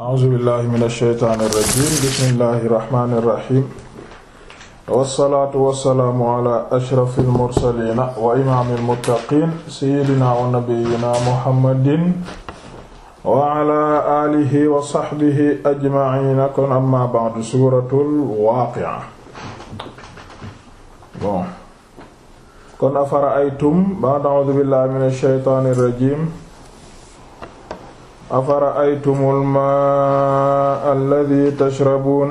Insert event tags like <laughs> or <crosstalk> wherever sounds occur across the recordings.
a'uuzu billahi min alsheytaani irrajim bismillahi irrahmani irrahim wassalaatu wassalaamu ala ashrafi almursalina wa imaami almuttaqin sayidina wa nabiyina muhammadin wa ala aalihi wa saxbihi ajmaina kon amma ba'du suuratul waaqi'a bon kon afara'aytum ba'da a'uuzu billahi min alsheytaani irrajim afara'aytumul maa'a alladhi tashrabuun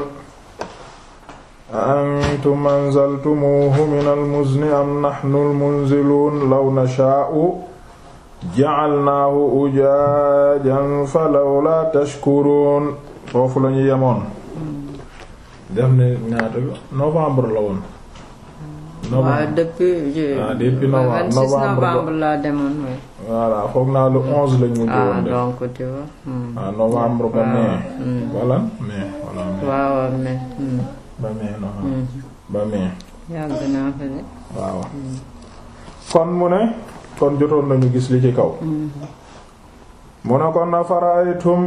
aantum anzaltumuuhu minal muzni am nahnul munziluun law nashaa'u ja'alnaahu ujaajan falawlaa tashkuruun foofu lañu yemoon def ne ñaata novembre la woon novembre depuis novembre la demoon voilà foog naa le onze lañ mujj woon ah, def donc hmm. ah, hmm. gis li ci kaw hmm. mu ne kon na faraytum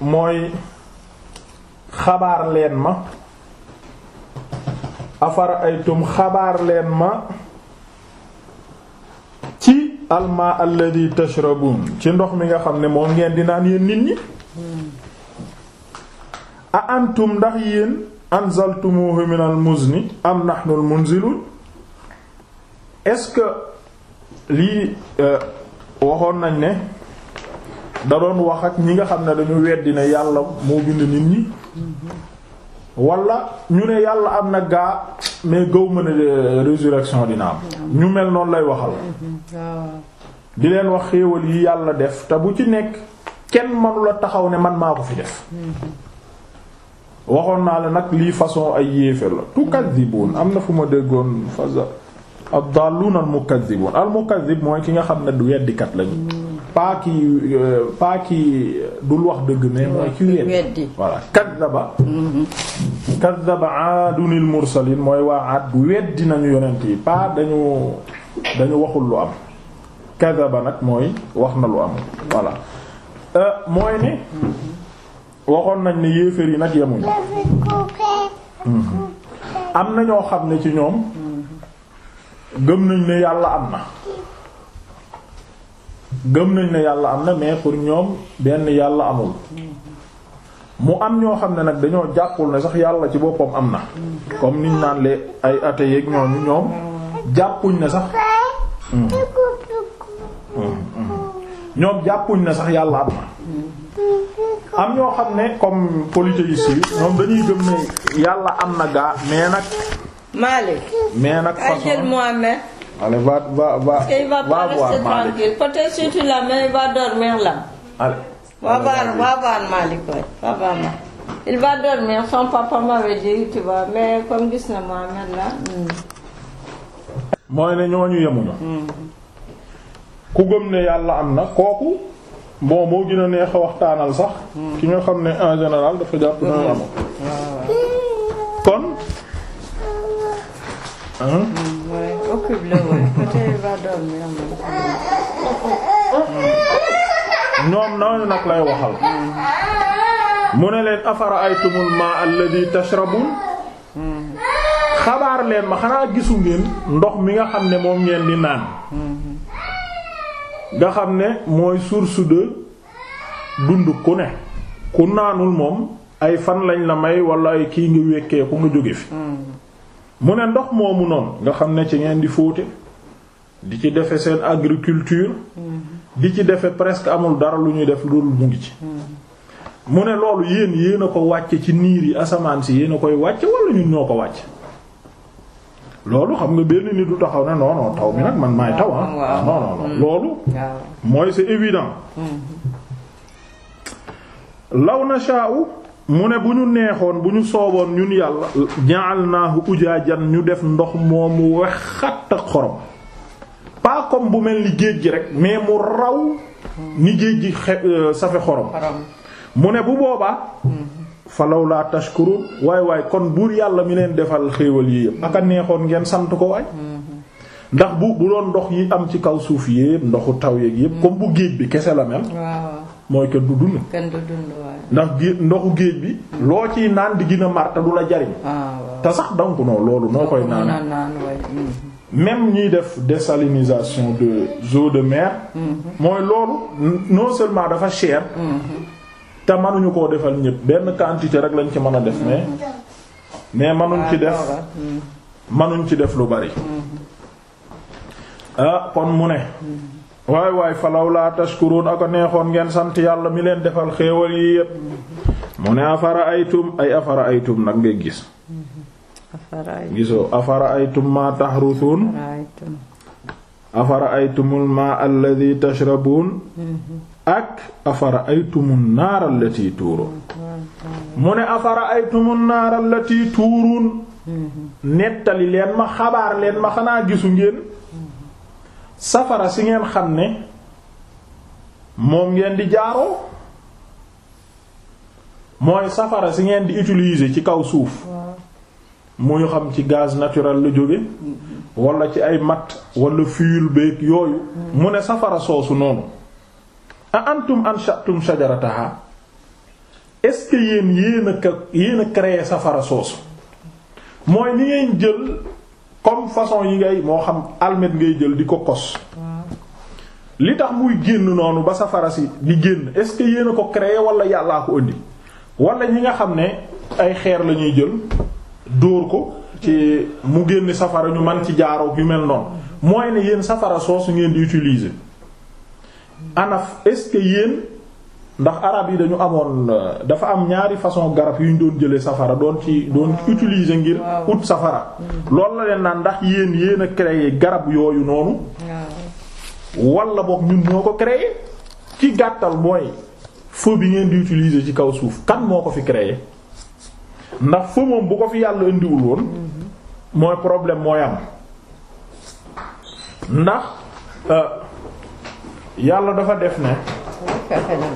mooy xabaar leen ma afaraytum xabaar leen ma alma alladhi tashrabun ci ndox mi nga xam ne moo ngeen di naan yéen nit ñi a antum ndax yéen anzaltumuhu min al muzni am nahnu al munzilun est-ce que lii euh, waxoon nañ ne da doon wax ak ñi nga xam ne dañu weddi ne yàlla moo bind nit ñi wala ñu ne yàlla am na gaa mais gëw ma ne euh, résurrection dina am ñu mel noonu lay waxal di leen wax xéewal yi yàlla def te bu ci nekk kenn manula taxaw ne man maa ko fi def waxoon naa la nag lii façon ay yéefér la tukazibun am na fu ma déggoon faza ad-dallun mu mukazzibun al mukazzib mooy ki nga xam ne du weddikat lañu pas paaki euh, pas dul wax dëgg mais mooy ki weddi voilà kaddaba mm-hmm. kaddaba aadunil mursalin mooy waa aad weddi nañu yonent yi pas dañu waxul lu am kaddaba nag mooy wax na lu am voilà euh, mooy ne mm-hmm. waxoon nañ ne yéeféer yi nag yemuñu mm-hmm. am na ñoo xam ne ci ñoom gëm nañ ne yàlla am na gëm nañ ne yàlla am na mais pour ñoom benn yàlla amul mu am ñoo xam ne nag dañoo jàppul ne sax yàlla ci boppam am na comme niñ naan le ay athées yeeg ñooñu ñoom jàppuñ na sax ñoom jàppuñ na sax yàlla am na am ñoo xam ne comme polythéistes yi ñoom dañuy gëm ne yàlla am na gaa mais nag Malik mais nag façon Allez, va, va, va. Parce qu'il va pas rester tranquille. Peut-être si tu l'amènes, il va dormir là. Allez. Va voir, va voir Malik, va voir Malik. Il va dormir, son papa m'avait dit, tu vois, mais comme gis na Mohamed là. Hmm. mooy ne ñooñu yemuñu. Hmm. ku gëm ne yàlla am na kooku bon moo gën a neex a waxtaanal sax. Hmm. ki nga xam ne en général dafa jàpp na amul. kon. lëwël côté Vadone nag lay waxal. mu ne leen afara aytumul maa alladhi tashrabun xabaar leen ma xanaa gisu ngeen ndox mi nga xam ne moom ngeen di naan nga xam ne mooy source de dund ku ne ku naanul moom ay fan lañ la may wala ay kii nga wékkee ku nga jóge fi mu ne ndox moomu noonu nga xam ne ci ngeen di fóote di ci defe seen agriculture mm-hmm. di ci defe presque amul dara lu ñuy def loolu mu ngi ci mm-hmm. mu ne loolu yéen yéen a ko wàcce ci niir yi asamaan si yéen a koy wàcce wala ñun ñoo ko wàcce loolu xam nga benn nit du taxaw ne non taw bi nag man maay taw ah, ah non non non mm. loolu mooy c'est évident mm-hmm. law na sha'u mu ne bu ñu neexoon bu ñu sooboon ñun yàlla ja'alnaahu ujaajan ñu def ndox moomu wex xatta xorom pas comme bu mel ni géej gi rek mais mu raw ni géej gi euh, safe xorom mu ne bu boobaa falaw laa tashkurun waaye waay kon buur yàlla mi leen defal xéewal yi yëpp aka neexoon ngeen sant ko waay mm-hmm. ndax bu bu doon ndox yi am ci kaw suuf yëpp ndoxu taw yeeg yëpp mm. comme bu géej bi kese la mel mooy kenn du dund ndax gé ndoxu géej bi loo ciy naan di gën a mar te du la jariñ ah, te sax donc non loolu noo koy naan hmm. même ñuy def désalinisation de eaux de mer hmm. mooy loolu non seulement dafa cher hmm. te manuñu koo defal ñëpp benn quantité rek lañ ci mën a def mais mais mënuñ ci def ah, mënuñ ci def lu bari ah kon mu ne waay waay falaw laa a ak neexoon ngeen sant yàlla mi leen defal xéewal yi yépp mu ne afara aytum ay afara aytum nag ngay gis gisoo afara aytum maa tahruthun afara aytumul maa alladhi tashrabuun mm-hmm. ak afara aytumun naar allati tuuruun mu ne afara aytumun naar allati tuuruun mm-hmm. nettali leen ma xabaar leen ma xanaa gisu ngeen safara si ngeen xam ne moom ngeen di jaaroo mooy safara si ngeen di utilise ci kaw suuf muy xam ci gaz naturel la jóge wala ci ay matt walla fuel beeg yooyu mu ne safara soosu noonu a antum anshatum shajarataha est-ce que yéen yéen a yéen a créer safara soosu mooy ni ngeen jël comme façon yi ngay moo xam almet ngay jël di ko kos li tax muy génn noonu ba safara si di génn est-ce que yéen ko créé wala yàllaa ko indi wala ñi nga xam ne ay xeer lañuy ñuy jël dóor ko ci mu génn safara ñu man ci jaaroo yu mel noonu mooy ne yéen safara soosu ngeen di utiliser anaf est-ce ndax arab yi dañu amoon euh, dafa am ñaari façon garab yu ñu doon jëlee safara doon ci doon ah. utilise ngir ut safara hmm. loolu la leen naan ndax yéen yéen a créé garab yooyu noonu wala boog ñun ñoo ko créé ci gàttal mooy feu bi ngeen di utilise ci kaw suuf kan moo ko fi créé ndax feu moom bu ko fi yàlla indiwul woon hmm. mooy problème mooy am ndax euh, yàlla dafa def na fexe na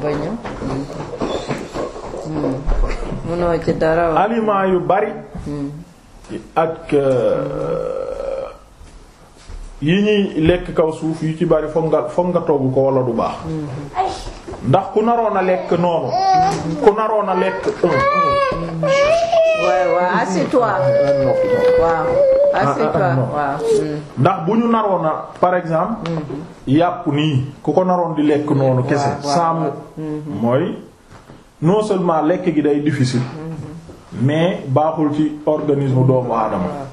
ba ci dara aliment yu bari ak euh, yi ñuy lekk kaw suuf yu ci bari foog nga foog nga togg ko wala du baax ndax ku naroon a lekk noonu ku naroon a lekk waaw waaw Ah, ah, ah, hmm. ndax bu ñu naroon a par exemple hmm. yàpp nii ku ko naroon di lekk noonu kese saamu hmm. mooy non seulement lekk gi day difficile mais baaxul ci organisme doomu aadama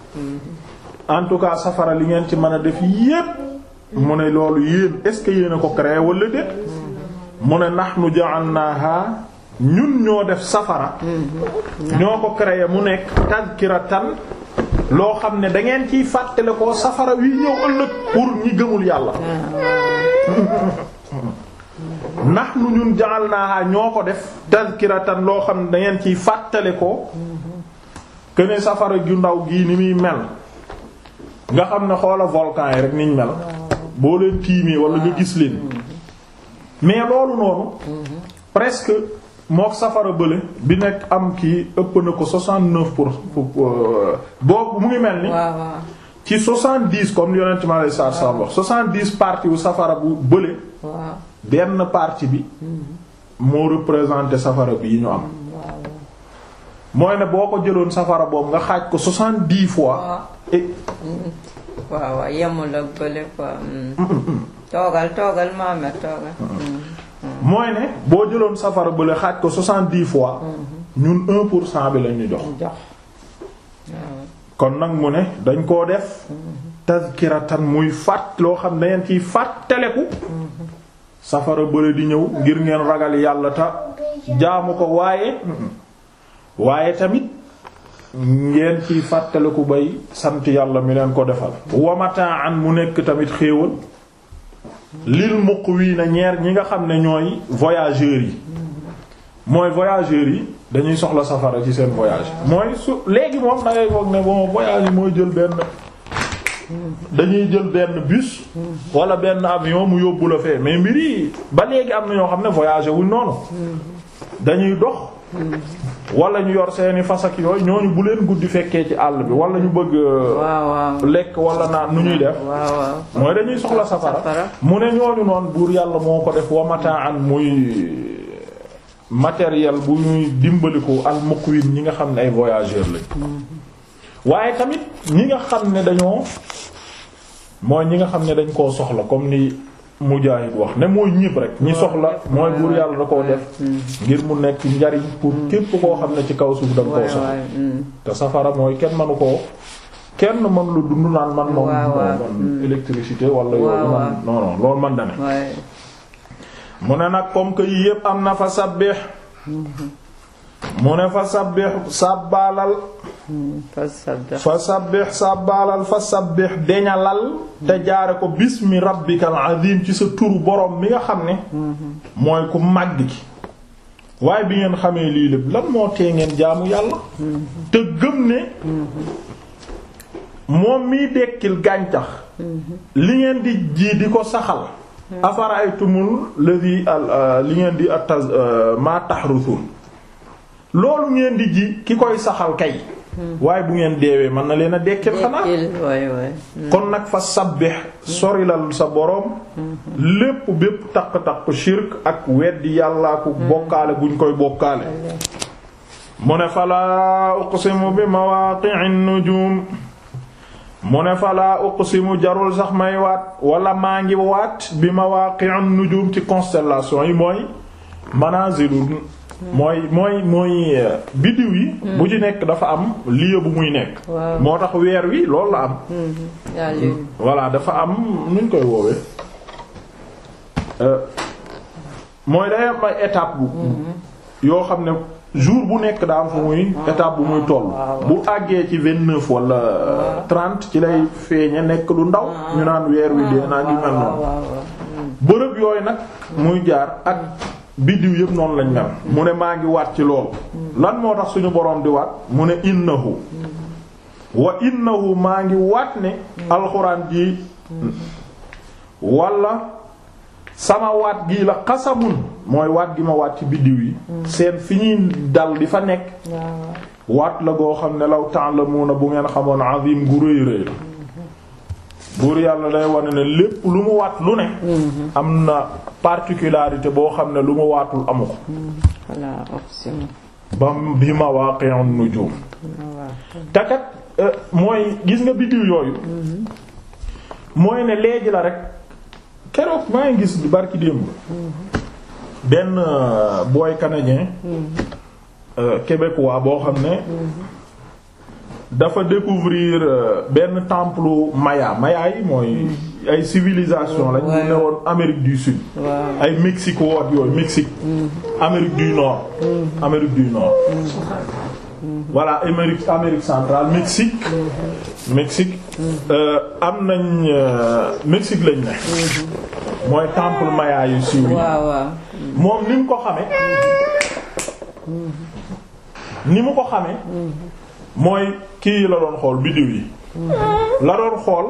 en tout cas safara li ngeen ci mën a def yépp mu ne loolu yéen est-ce que yéen a ko créé wala déet mu ne nahnu ja'alnaha ñun ñoo def safara ñoo ko créé mu nekk tadkiratan loo xam ne dangeen ngeen ciy fàttale ko safara wi ñëw ëllëg pour ñi gëmul yàlla nax nu ñun jaxal naa ñoo ko def tazkiratan loo xam ne dangeen ngeen ciy fàttale ko këne safara ju ndaw gii ni muy mel nga xam ne xoola volcan yi rek niñ mel boo leen tiimee wala nga gis leen mais loolu noonu presque mook safara bële bi nekk am kii ëpp na ko 69 pour euh, boobu mu ngi mel ni. ci 70 comme yonent ma lay saa saa wax 70 partie wu safara bu bële. benn partie bi. Hmm. moo représenté safara bi yi ñu am. Hmm, mooy ne boo ko jëloon safara boobu nga xaaj ko 70 fois. Ah. et. Hmm. waaw waaw yemul ak bële quoi. Mm, mm, mm. toogal toogal Mohamed mooy ne boo jëloon safara bu la xaaj ko soixante-dix fois ñun un pour cent bi lañu jox kon nag mu ne dañ koo def tazkiratan muy fàtt loo xam ne ngeen ciy fàttaleku safara bële di ñëw ngir ngeen ragal yàlla ta jaamu ko waaye waaye tamit ngeen ciy fàttaleku bay sant yàlla mi leen ko defal wamataan mu nekk tamit xéewal lil na ñeer ñi nga xam ne ñooy voyageurs yi mooy voyageurs yi dañuy soxla safara ci seen voyage mooy su léegi moom da ngay foog ne bon voyage mooy jël benn dañuy jël benn bis walla benn avion mu yóbbu la fee mais mbir ba léegi am na ñoo xam ne voyagé wuñ noonu dañuy dox wala ñu yor seeni fas ak yooyu ñooñu bu leen guddi fekkee ci àll bi wala ñu bëgg. Euh, lekk wala naan nu ñuy def. mooy dañuy soxla safara. mu ne ñooñu noonu buur yàlla moo ko def wa mataan muy euh, matériel bu ñuy dimbaliku al muqwim ñi nga xam ne ay voyageurs lañ. Mm-hmm. waaye tamit ñi nga xam ne dañoo mooy ñi nga xam ne dañ koo soxla comme ni. Mujaahid wax ne mooy ñëpp rek ñi soxla mooy buur yàlla da koo def mm. ngir mu nekk njariñ pour mm. képp koo xam ne ci kaw suuf danga koo soxla mm. te safara mooy kenn manu koo kenn man lu dund naan man moom man électricité wala yooyu man non non loolu man dane mu ne nag comme que yi yépp am na fa sabbih mm-hmm. mu ne fa sabbih sàbbaalal Hmm, fa sabbih sàbbaalal fa sabbih deñalal te jaare ko bismi rabbikal azim ci sa turu borom mi nga xam ne mooy ku màgg ki waaye bi ngeen xamee lii lépp lan moo tee ngeen jaamu yàlla te gëm ne moom miy dekkil gàncax li ngeen di ji di ko saxal afaraytumul ladhi euh, li ngeen di atas euh, ma tahruthun loolu ngeen di ji ki koy saxal kay waaye bu ngeen deewee mën na leen a dekkil xanaa hmm. kon nag fa sabbih sorilal sa boroom hmm. lépp bépp taq-taq shirk ak weddi yàllaa ku hmm. bokkaale buñ koy bokkaale mu ne falaa uqsimu bi mawaqi'in nujum mu ne falaa uqsimu jarul sax may waat wala maa ngi waat bi mawaqi'in nujum ci constellation yi mooy manazilun mooy mooy mooy euh, biddiw yi. bu ci nekk dafa am lieu bu muy nekk. moo tax weer wi lool la am. Mm-hmm. Hmm. voilà dafa am nuñ koy woowee. Euh, mooy day am ay étape bu. Mm-hmm. yoo xam ne jour bu nekk daa fu muy. Ah. étape bu muy toll. Ah, bu àggee ci vingt neuf wala ah. trente ci lay feeñe nekk lu ndaw. ñu naan weer wi dee naa ñu mel noonu. Mm. bërëb yooyu nag muy jaar ak. biddiw yëpp noonu lañ mel mu ne maa ngi waat ci loolu lan moo tax suñu boroom di waat mu ne innahu wa innahu maa ngi waat ne alxuraan jii wala sama waat gii la xasamun mooy waat gi ma waat ci biddiw yi seen fi ñuy dal di fa nekk waat la goo xam ne law ta'lamuna bu ngeen xamoon azim gu rëy rëy buur yàlla day wane ne lépp lu mu waat lu ne mm-hmm. am na particularité boo xam ne lu mu waatul amu ko mm-hmm. ba bi mawaqi'un nujum te kat euh, mooy gis nga biddiw yooyu mm-hmm. mooy ne léegi la rek keroog maa ngi gis barki démb benn euh, boy canadien euh, québécois boo xam ne dafa découvrir euh, benn temple maya maya yi mooy mm. ay civilisation lañ ñu ne woon Amérique du Sud ay Mexico ak yooyu Mexique mm. Amérique du Nord mm. Amérique du Nord voilà Amérique centrale Mexique mm-hmm. Mexique euh, am nañ euh, Mexique lañ mm-hmm. mooy temple maya yu siiw moom ni mu ko xame mm-hmm. ni mu ko xame mooy kii yi la doon xool biddiw yi la doon xool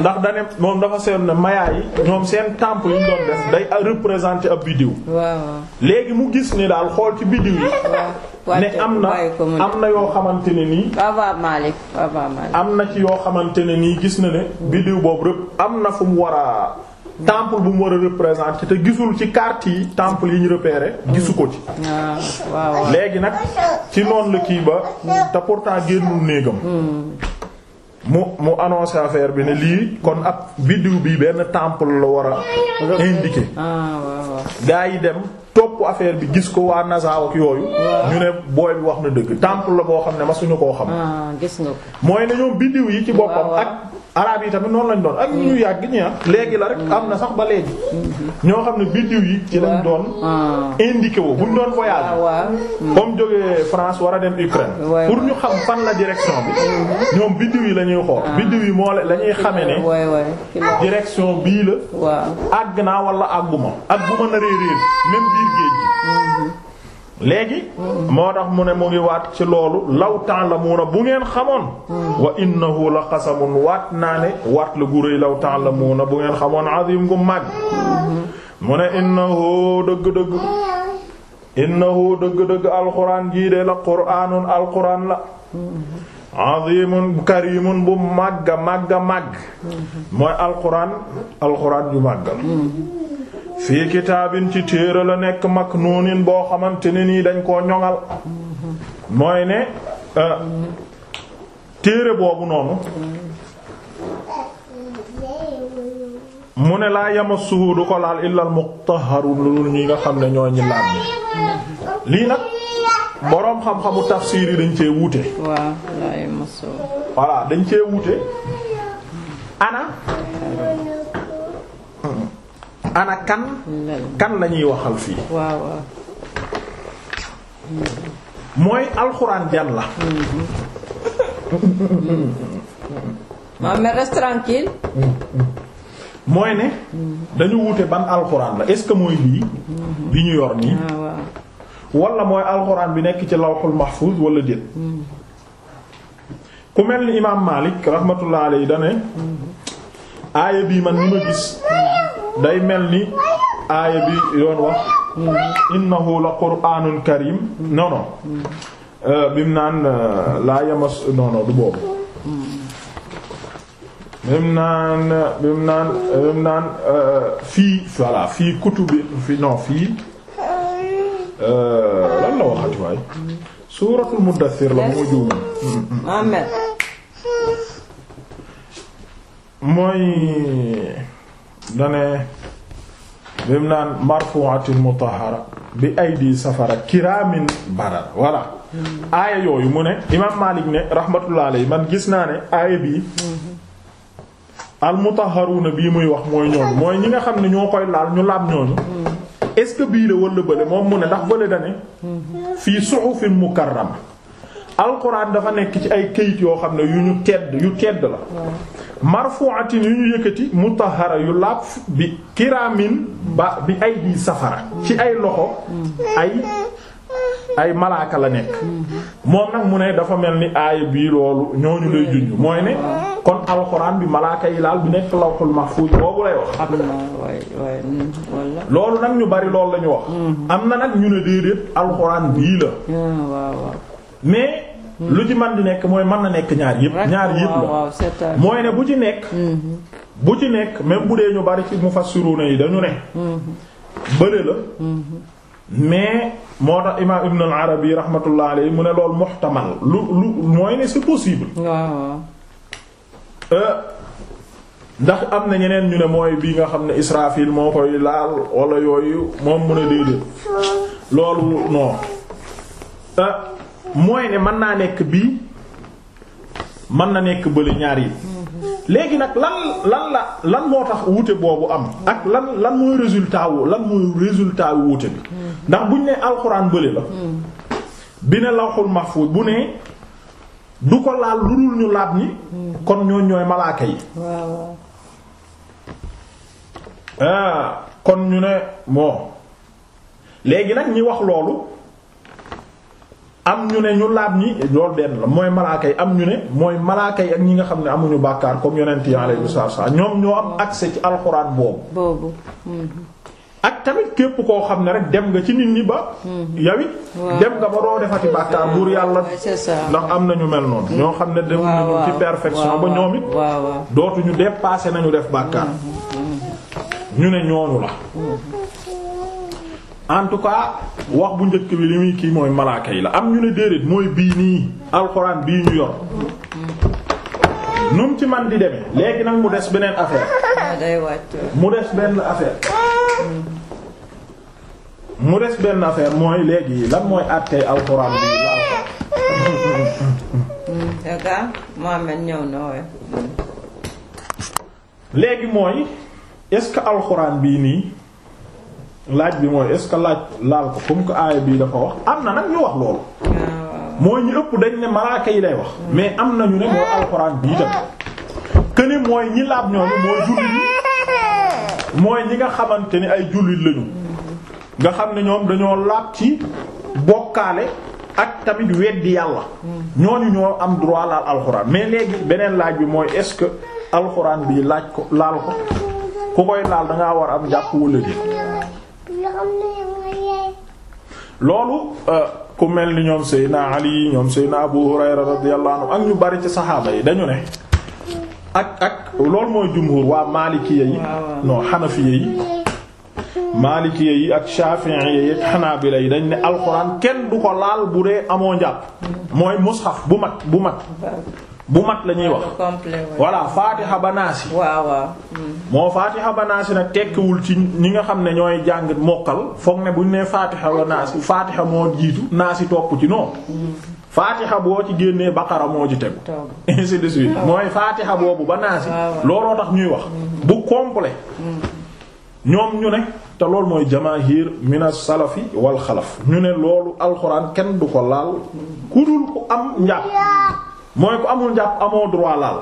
ndax dane moom dafa seen mayaa yi ñoom seen temple yi ñu def day représenter ab biddiw léegi mu gis ni daal xool ci biddiw yi ne am na am na yoo xamante ne nii am na ci yoo xamante ne nii gis na ne biddiw boobu rëpp am na fu mu war temple bu mu war a représenter te gisul ci carte yi temple yi ñu repeere gisu ko ci. Ah, waaw léegi nag ci noonu la kii ba. te pourtant génnul néegam. Hmm. mu mu annoncé affaire bi ne lii kon ab biddiw bi benn temple la war a indiqué. Ah, gaa yi dem topp affaire bi gis ko waa NASA ak yooyu. ñu ne booy bi wax na dëgg temple la boo xam ne ma suñu koo xam. Ah, gis nga ko mooy ne biddiw yi ci boppam ak. arab yi tamit noonu lañ doon ak ñu yàgg ñi ah léegi la rek am na sax ba léegi ñoo xam ne biddiw yi ci lañ doon ah. indiqué wu buñ doon voyage comme ah, jógee France war a dem Ukraine pour ñu xam fan la direction bi mhm. ñoom biddiw yi la ñuy xool ah. biddiw yi moo la ñuy xamee ne direction bii la àgg naa wala àgguma ak bu mën a réeréer même biir géej gi léegi moo tax mu ne mu ngi waat ci loolu law ta'lamuna bu ngeen xamoon wa innahu la qasamun waat naa ne waat la gu rëy law ta'lamuna bu ngeen xamoon azim gu mag mu ne innahu dëgg-dëgg innahu dëgg-dëgg alquran jii de la qur'anun alquran la azimun karimun bu màgga màgga màgg mooy alxuraan alquran yu màggal fii kitaabin ci téere la nekk mag noonin boo xamante ne nii dañ koo ñoŋal mooy ne euh, téere boobu noonu mu ne laa yamassuhu du ko laal illal mutahharun loolu ñi nga xam ne ñoo ñi laab bi lii nag boroom xam-xamu tafsiir dañ cee wuute. waaw dañ cee wuute. ana. ana kan kan la ñuy waxal fii waaw mooy alxuraan jan la ma <laughs> mais reste tranquille mooy ne dañu wute ban alxuraan la est-ce que mooy lii bi ñu yor nii ah, wala mooy alxuraan bi nekk ci lawxul mahfuz wala déet ku mel ni imaam Maalik rahmatullah alayhi da aaya bii man ni ma gis day mel ni aaya bi yoon la qur'anun karim non non euh, bim naan euh, laa yamas boobu bim naan bim naan bim naan euh, fii voilà fii kutubi fi non fii lan la waxati waay suuratul mooy dane bim naan marfu'atin mutahhara bi aydi safara kiraamin barar voilà aaya yooyu mu ne imaam Maalik ne rahmatullah alayhi man gis naa ne aaya bii al mutahharuna bii muy wax mooy ñooñu mooy ñi nga xam ne ñoo koy laal ñu laab ñooñu est que bii la walla bële moom mu ne ndax bële dane fii suhufin mukarrama alquran dafa nekk ci ay kayit yoo xam ne yu ñu tedd yu tedd la marfu'atin yu ñu yëkkati mutahhara yu laab bi kiraamin ba bi ay di safara ci ay loxo ay ay malaaka la nekk moom nag mu ne dafa mel ni aaya bii loolu ñooñu lay junj mooy ne kon alxuraan bi malaaka yi laal bi nekk lawhul mahfuz boobu lay wax loolu nag ñu bari loolu la ñu wax mm-hmm. am na nag ñu ne déedéet alxuraan bii la lu ci man di nekk mooy mën na nekk ñaar yëpp ñaar yëpp la mooy ne bu ci nekk mm-hmm. bu ci nekk même bu dee ñu bari ci mufassiruna yi dañu ne mm-hmm. bële la mm-hmm. mais moo tax imaam ibn al yi rahmatullah alayhi mu ne loolu muhtamal lu lu mooy ne c'est possible euh, ndax am na ñeneen ñu ne mooy bi nga xam ne israfil moo koy laal wala yooyu moom mu ne déedéet loolu non ah mooy ne mën naa nekk bii mën na nekk bële ñaar yi léegi nag lan lan la lan moo tax wuute boobu am ak lan lan muy résultat wu lan mooy résultat wu wuute bi ndax buñ ne alxuraan bële la bi ne lawxul mahfuz bu ne du ko laal lu dul ñu laab ni kon ñooñ ñooy malaaka yi ah, kon ñu ne moo léegi nag ñi wax loolu am ñu ne ñu laab ñi loolu benn la mooy malaaka yi am ñu ne mooy malaaka yi ak ñi nga xam ne amuñu bàkkaar comme yonent yi alayhi salaam ñoom ñoo am accès ci alxuraan boobu mhm. ak tamit képp koo xam ne rek dem nga ci nit ñi ba mhm. yawit dem nga ba doo defati bàkkaar buur yàlla ndax am na ñu mel noonu ñoo xam ne dem nañu ci perfection ba ñoom it dootuñu dépasser nañu def bàkkaar mhm. ñu ne ñooñu la en tout cas wax bu njëkk bi li muy kii mooy malaaka yi la am ñu ne déedéet mooy bii nii alxuraan bii ñu yor nu mu ci man di deme léegi nag mu des beneen affaire ah, mu des benn affaire mu des affaire mooy léegi lan mooy àttee alxuraan bi hmm, léegi mooy est-ce que alxuraan bii nii laaj bi mooy est-ce que laaj laal ko comme que aaya bii dafa wax am na nag ñu wax loolu ah. mooy ñu ëpp dañ ne malaaka yi lay wax mais am na ñu ne mooy alxuraan bii tam que ni mooy ñi laab ñoom mooy jullit yi mooy ñi nga xamante ni ay jullit lañu nga xam ne ñoom dañoo laab ci bokkaale ak tamit weddi yàlla hmm. ñooñu ñoo am droit laal alxuraan mais léegi beneen laaj bi mooy est-ce que alxuraan bii laaj ko laal ko ku koy laal dangaa war am jàpp wala déet loolu euh, ku mel ni ñoom Seydina Ali ñoom Seydina Abu Hurayra radiyallahu anhu ak ñu bari ci saxaaba yi dañu ne ak ak loolu mooy jumhur waa maalikiya yi non xanafiya yi maalikiya yi ak shafi'iya yi ak xanaabila yi dañ ne alxuraan kenn du ko laal bu dee amoo njàpp mooy mushaf bu mat bu mat bu mat la ñuy wax voilà faatiha ba naasi waaw waaw hmm. moo faatiha ba naasi nag tekkiwul ci ñi nga xam ne ñooy jàng mokkal foog ne buñ nee faatiha ba naasi faatiha moo jiitu naasi topp ci noonu hmm. faatiha ci génnee baqara ci tegu <laughs> ainsi de suite mooy faatiha boobu ba naasi looloo tax ñuy wax hmm. bu complet ñoom ñu ne te loolu mooy jamaahir mina salafi wal xalaf ñu ne loolu alxuraan kenn du ko laal ku ku am njàpp mooy ku amul njàpp amoo droit laal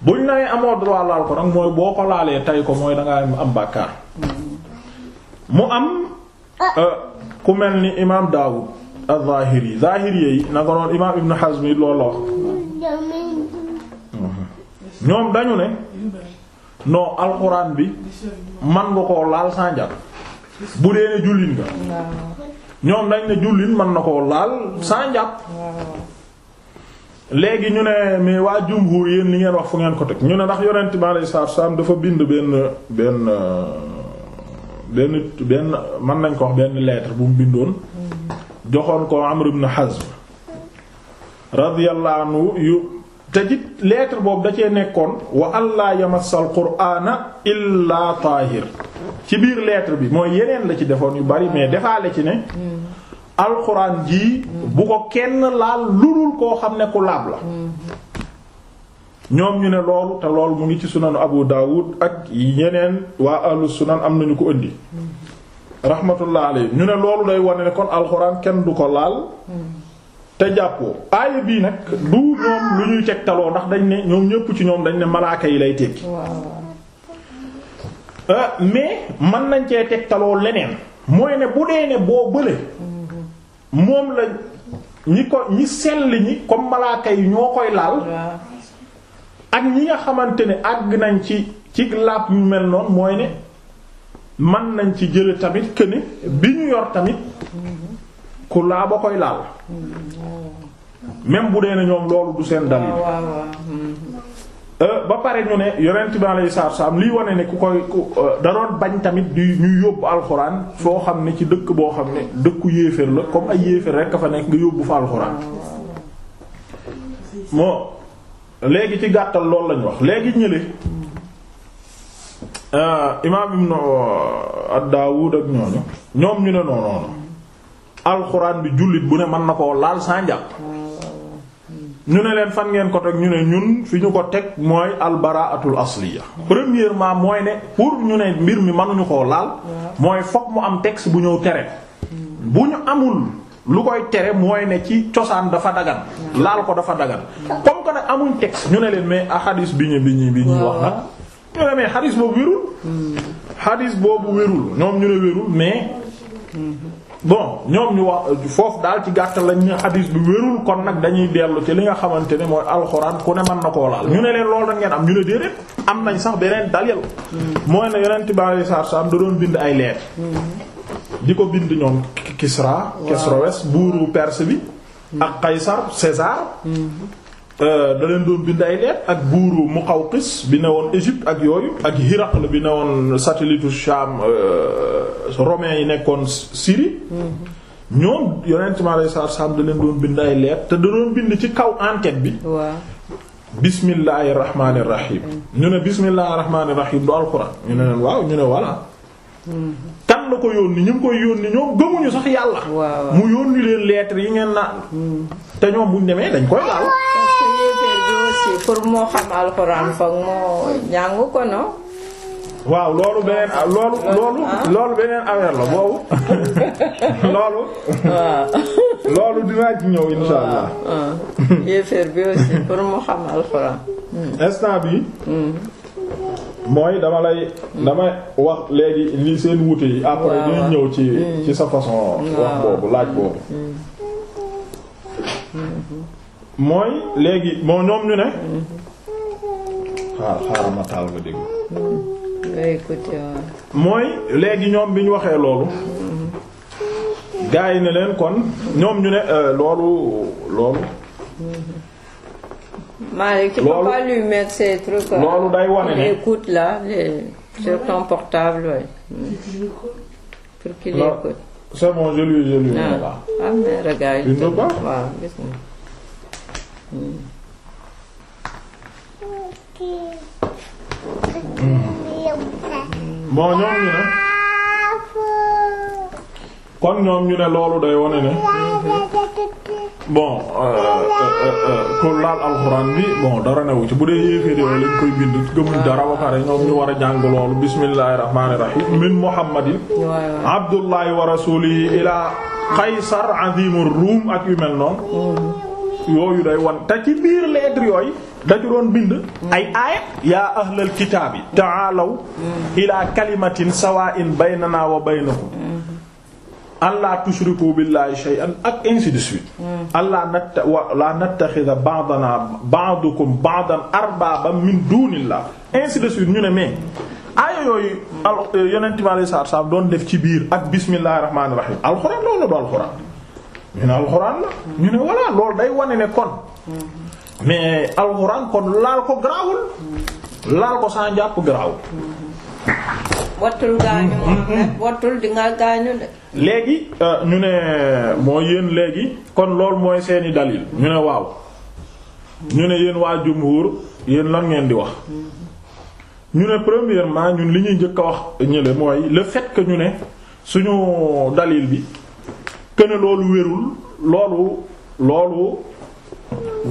buñ nawee amoo droit laal ko nag mooy boo ko laalee tay ko mooy dangaa am bàkkaar mu am ah. euh, ku mel ni imaam Daawud az-Zahiri Zahiri yi na ko noon imaam Ibn Hazm yi la wax mhm. ñoom dañu ne non alxuraan bi man nga ko laal sans njàpp bu dee ne jullit nga ñoom dañ ne jullit man na koo laal sans njàpp léegi ñu ne mais waa jumhur yéen li ngeen wax fu ngeen ko teg ñu ne ndax yonent bi alayhi salaatu salaam dafa bind benn benn benn benn mën nañ ko benn lettre bu mu bindoon joxoon ko Amr ibn Hazm radiyallahu anhu yu te jit lettre boobu da cee nekkoon wa allaa yamassal qur'ana illa taahir ci biir lettre bi mooy yeneen la ci defoon yu bari mais defaale ci ne hmm. alxuraan jii bu ko kenn laal lulul koo xam ne ku laab la ñoom ñu ne loolu te lool mu ngi ci sunanu abu daawud ak yeneen waa ahlu sunan am nañu ko indi rahmatullah alayhi ñu ne loolu day wane ne kon alxuraan kenn du ko laal te jàppoo aaya bii nag du ñoom lu ñuy tegtaloo ndax dañ ne ñoom ñëpp ci ñoom dañ ne malaaka yi lay tekki euh, mais mën nañ cee tegtaloo leneen mooy ne bu dee ne boo bële moom la ñi ko ñi sell ñi comme malaaka yi ñoo koy laal ak ñi nga xamante ne àgg nañ ci ci laab yu mel noonu mooy ne mën nañ ci jële tamit këne bi ñu yor tamit ku laa koy laal mm-hmm. même bu dee ne ñoom loolu du seen dal yi ah, Euh, ba pare ñu ne yonent bi alayhi salaatu salaam wane ne ku koy ku euh, da doon bañ tamit di ñu yóbbu alxuraan foo xam ne ci dëkk boo xam ne dëkku yéeféer la comme ay yéeféer rekk fa nekk nga yóbbu fa alxuraan moo léegi ci gàttal loolu lañu wax léegi ñële euh, imaam ibnu Daawuud ak ñooñu ñoom ñu ne noonu alxuraan bi jullit bu ne mën na ko laal saa njàpp ñu ne leen fan ngeen ko teg ñu ne ñun fi ñu ko teg mooy albaraatul asliya premièrement mooy ne pour ñu ne mbir mi mënuñu koo laal mooy fokk mu am texte bu ñëw tere mm. bu ñu amul lu koy tere mooy ne ci cosaan dafa dagan laal ko dafa dagan comme ko nag amuñ texte ñu ne leen mais ahadis ah bi ñu bi ñu bi ñu wax na ñu ne mais hadis boobu wérul mm. hadis boobu wérul ñoom ñu ne wérul mais mm-hmm. bon ñoom ñu wax foofu daal ci gàttal lañ ñu xadis bi wérul kon nag dañuy dellu ci li nga xamante ne mooy alxuraan ku ne man na koo laal mm. ñu ne leen loolu da am ñu ne déedéet am nañ sax beneen dalil mm. mooy ne yonent bi alayhi salaam da doon bind ay lettres mm. di ko bind ñoom Kisra Kesroes buuru Perse bi ak Qaysar César Euh, da leen doon bind ay leet ak buuru Muqawqis bi ne woon Égypte ak yooyu ak Hiraql bi ne woon satellite Sham euh, romain yi nekkoon Syrie mhm. ñoom yonent mi alayhi salaatu salaam da doon bind ay leet te da bind ci kaw enquête bi bismillahi rahmaani rahim ñu ne bismillahi rahmaani du alxuraan ñu ne leen waaw ñu ne voilà mhm. kan la ko yónni ñu ngi koy yónni ñoom gëmuñu sax yàlla mu yónni leen lettre yi ngeen naan mhm. te ñoom buñ demee dañ koy laal ah, si pour moo xam alxuraan foog moo jàng ko no waaw loolu beneen loolu loolu loolu ah. beneen affaire la boobu <laughs> loolu waaw loolu dinaa ci ñëw insha allah yéeféer bi aussi pour mu xam alxuraan hmm. instant bi hmm. mooy dama lay damay wax léegi li seen wuti yi après dinañ ñëw ci hmm. ci sa façon wax boobu laaj boobu mooy léegi moo ñoom ñu ne xaar xaaral ma taal nga dégg mooy léegi ñoom bi ñu waxee loolu gaay ne leen kon ñoom ñu ne euh, loolu loolu Malik, euh, loolu day wane ne écoute là sur ton portable ouais. pour qu'il écoute c'est bon je lui je lui ah, ah mais regarde il ne pas waaw Mm. bon ñoom ñu ne kon ñoom ñu ne loolu day wone ne bon euh, euh, euh, kon alxuraan bi bon dara newu ci bu dee yéeféer yooyu lañ koy bind gëmuñ dara ba pare ñoom ñu war a jàng loolu bismillahir rahmanir rahim min muhammadin abdullahi wa rasulihi ila qaysar azimur rum ak yu noonu mm. yooyu day wan ta ci biir lettre yooyu dañu doon bind ay aaya yaa ahlal kitaabi taalaw ila kalimatin sawaa'in baynana wa baynakum allah tushriku billahi shay'an ak ainsi de suite allah natta wa la nattaxida ba'dana ba'dukum ba'dan arbaaban min dunillah ainsi de suite ñu ne mais aaya yooyu al yonent mi alayhi doon def ci biir ak bismillahir rahmanir rahim alxuraan loolu la du alxuraan ñu ne alxuraan la ñu ne voilà loolu day wane ne kon mais alxuraan kon laal ko garaawul laal ko sans jàpp garaawul wattul gaañu mm-hmm. mm-hmm. wattul di gaañu de léegi euh, ñu ne moo yéen léegi kon loolu mooy seeni dalil ñu ne waaw ñu ne yéen waa mbuur yéen lan ngeen di wax mm-hmm. ñu ne premièrement ñu li ñuy njëkk a wax ñële mooy le fet que ñu ne suñu dalil bi que ne loolu wérul loolu loolu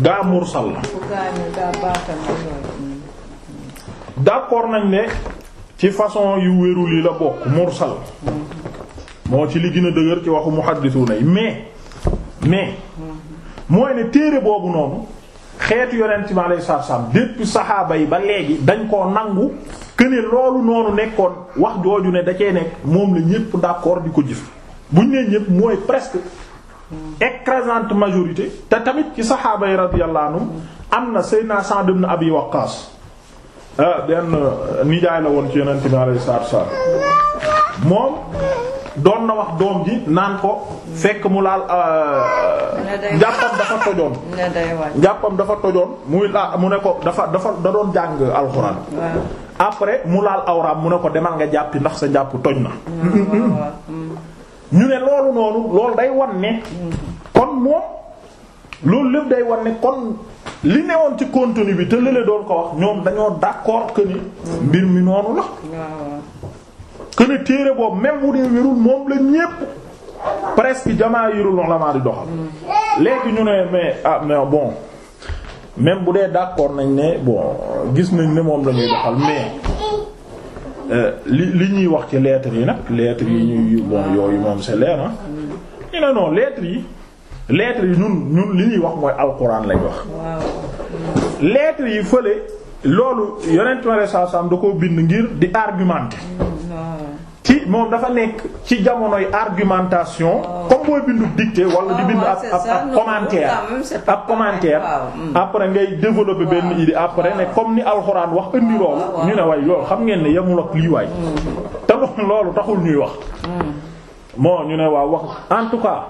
gaa mursal la d'accord nañ ne ci façon yu wérul yi la bokk mursal moo ci li gina a dëgër ci waxu muhaddisuna yi mais mais mooy ne téere boobu noonu xeetu yonent bi alayhi salaatu salaam depuis saxaaba yi ba léegi dañ koo nangu que ne loolu noonu nekkoon wax jooju ne da cee nekk moom la ñépp d'accord di ko jëf buñ nee ñëpp mooy presque écrasante majorité te tamit ci saxaaba yi radiyallahu anhum am na Seydina Sa'd ibn Abi Waqqas ah, benn euh, nijaay la woon ci yonent bi alayhi salaatu wa moom doon na wax doom ji naan ko fekk mu laal euh, njàppam dafa tojoon njàppam dafa tojoon muy laa mu ne ko dafa dafa da doon jàng alxuraan après mu laal awraam mu ne ko demal nga jàppi ndax sa njàpp toj na <laughs> mm. ñu ne loolu noonu loolu day wan ne kon moom loolu lépp day wan ne kon li newoon ci contenu bi te lële doon ko wax ñoom dañoo d'accord que ni mbir mi noonu la que ne téere boobu même bu dee wérul moom la ñépp presque jamaahirul ulama di doxal léegi ñu ne mais ah mais bon même bu dee d'accord nañ ne bon gis nañ ne moom la ñuy doxal mais Euh, li li ñuy wax ci lettres yi nag lettres yi ñuy bon yooyu moom c'est leer ñu ne non lettres yi lettres yi ñun ñun li ñuy wax mooy alxuraan lañ wax lettres yi fële loolu yonent ma saa saam da koo bind ngir di argumenter ci moom dafa nekk ci jamonoy argumentation oh. comme booy bindu dictée wala di oh, bindu ab ab commentaire ab commentaire après ngay développer benn idée après ne comme ni alxuraan wax indi loolu ñu ne way loolu xam ngeen ne yemul ak lii waay hmm. te loolu taxul ñuy wax hmm. moo ñu ne waaw wax en tout cas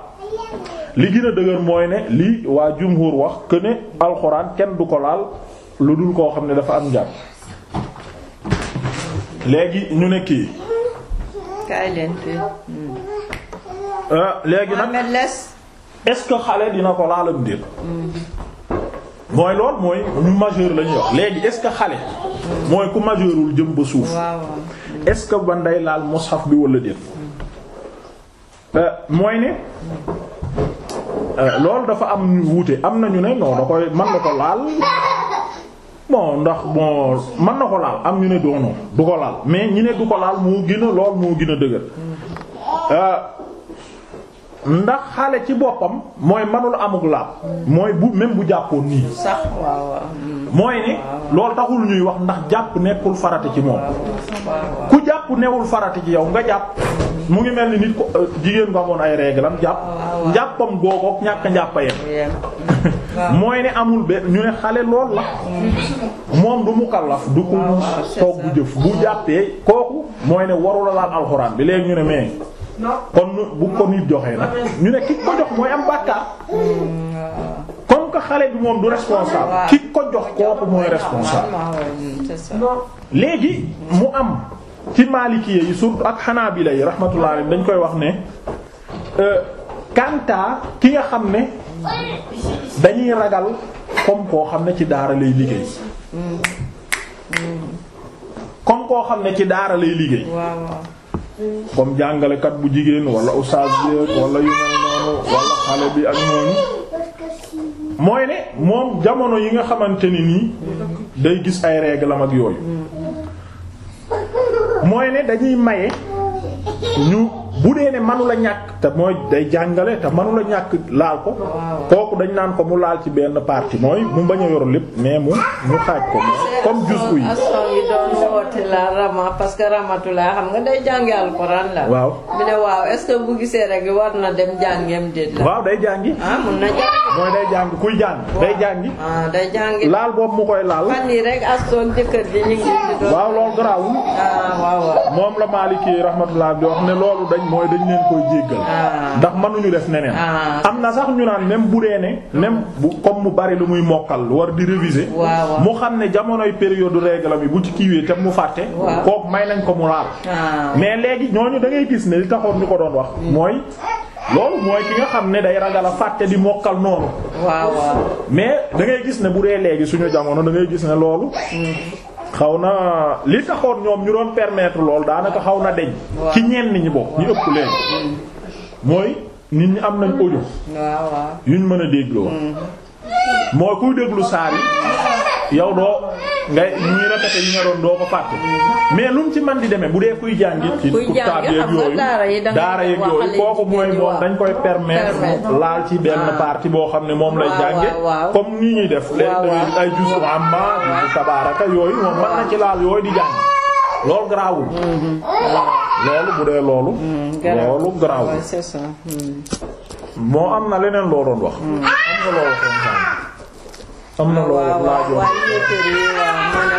li gën a dëgër mooy ne lii waa jumhur wax que ne alxuraan kenn du ko laal lu dul koo xam ne dafa am njàpp léegi ñu ne kii kaay leen hmm. euh, léegi nag est-ce que xale dina ko laal am déet. mooy loolu mooy ñu majeur la ñuy wax léegi est-ce que xale. mooy ku majeurul jëm ba suuf. est-ce que ban day laal mushaf bi wala déet. Euh, mooy ne. Euh, loolu dafa am wuute am na ñu ne non da koy mën na ko laal. bon ndax bon mën na ko laal am ñu ne doonoo du ko laal mais ñi ne du ko laal moo gën a lool moo gën a dëgër mm-hmm. euh, ndax xale ci boppam mooy manul amuk laab mooy bu même bu jàppoon nii sax mm-hmm. mooy ne loolu taxul ñuy wax ndax jàpp nekkul farata ci moom ku jàpp newul farata ci yow nga jàpp mu ngi mel ni nit ko euh, jigéen ko amoon ay réglam jàpp njàppam ah, googook ñàkk njàppa yem <laughs> mooy ne amul benn ñu ne xale lool la moom du mu kallaf du ko toog bu jëf bu jàppee kooku mooy ne warula alxuraan bi léegi ñu ne mais kon bu ko nit joxee nag ñu ne ki ko jox mooy am bàkkaar hmm, comme que xale bi moom du responsable ki ko jox kooku mooy responsable léegi mu am ci maalikiyé yi surtout ak xanaa yi rahmatullah alayhi dañ koy wax ne euh, kanta ki nga xam ne dañuy ragal comme koo xam ne ci daara lay liggéey comme koo xam ne ci daara lay jàngalekat bu jigéen wala oustaz bi wala yu mel noonu wala xale bi ak noonu mooy ne moom jamono yi nga xamante ni nii day gis ay règles am yooyu mooy ne dañuy maye ñu bu dee ne ñàkk te mooy day jàngale te mënu la ñàkk laal ko kooku dañ naan ko mu laal ci benn partie mooy mu bañ a yor lépp mais mu mu xaaj ko comme jus yi. yi doon parce que ramatulaa xam nga day jàngi alxuraan la. bu gisee rek war na dem jàngeem déet la. waaw day jàngi. ah mun na jàngi. mooy day jàngi kuy jàngi. day jàngi. Ah, day jàngi. laal boobu mu koy laal. fan yii rek asoom ah, moom la Maliki rahmatullah di wax ne loolu dañ mooy dañ leen koy jéggal. Ah. ndax mënuñu def neneen ah. am na sax ñu naan même bu dee ne même bu comme mu bari lu muy mokkal lu war di réviser mu xam ne jamonoy période règle mi bu ci kiiwee te mu fàtte kooku may nañ ko mu laal ah. mais léegi ñooñu da ngay gis ne li taxoon ñu ko doon wax mm. mooy loolu mooy ki nga xam ne day ragal a fàtte di mokkal noonu waaw mais da ngay gis ne bu dee léegi suñu jamono dangay gis ne loolu mm. xaw na li taxoon ñoom ñu doon permettre loolu daanaka xaw na deñ ci ñenn ñi mooy nit ñi am nañ audio. waaw waaw mën a dégloo. Mm. mooy kuy déglu saar yow doo ngay ñuy répété yi doo ko fàtte. mais lu mu ci man di demee bu dee kuy jàngi. ci kutaab yeeg yooyu daara yeeg yooyu kooku mooy moom dañ koy permettre mu laal ci benn partie boo xam ne moom lay jànge comme ni ñuy def léegi ay jus am ma tabaaraka yooyu moom na ci laal yooyu di jàng. loolu garaawul. loolu bu dee loolu. loolu garaawul hmm. moo am na leneen loo doon wax. am nga loo am na loo laajoon waaw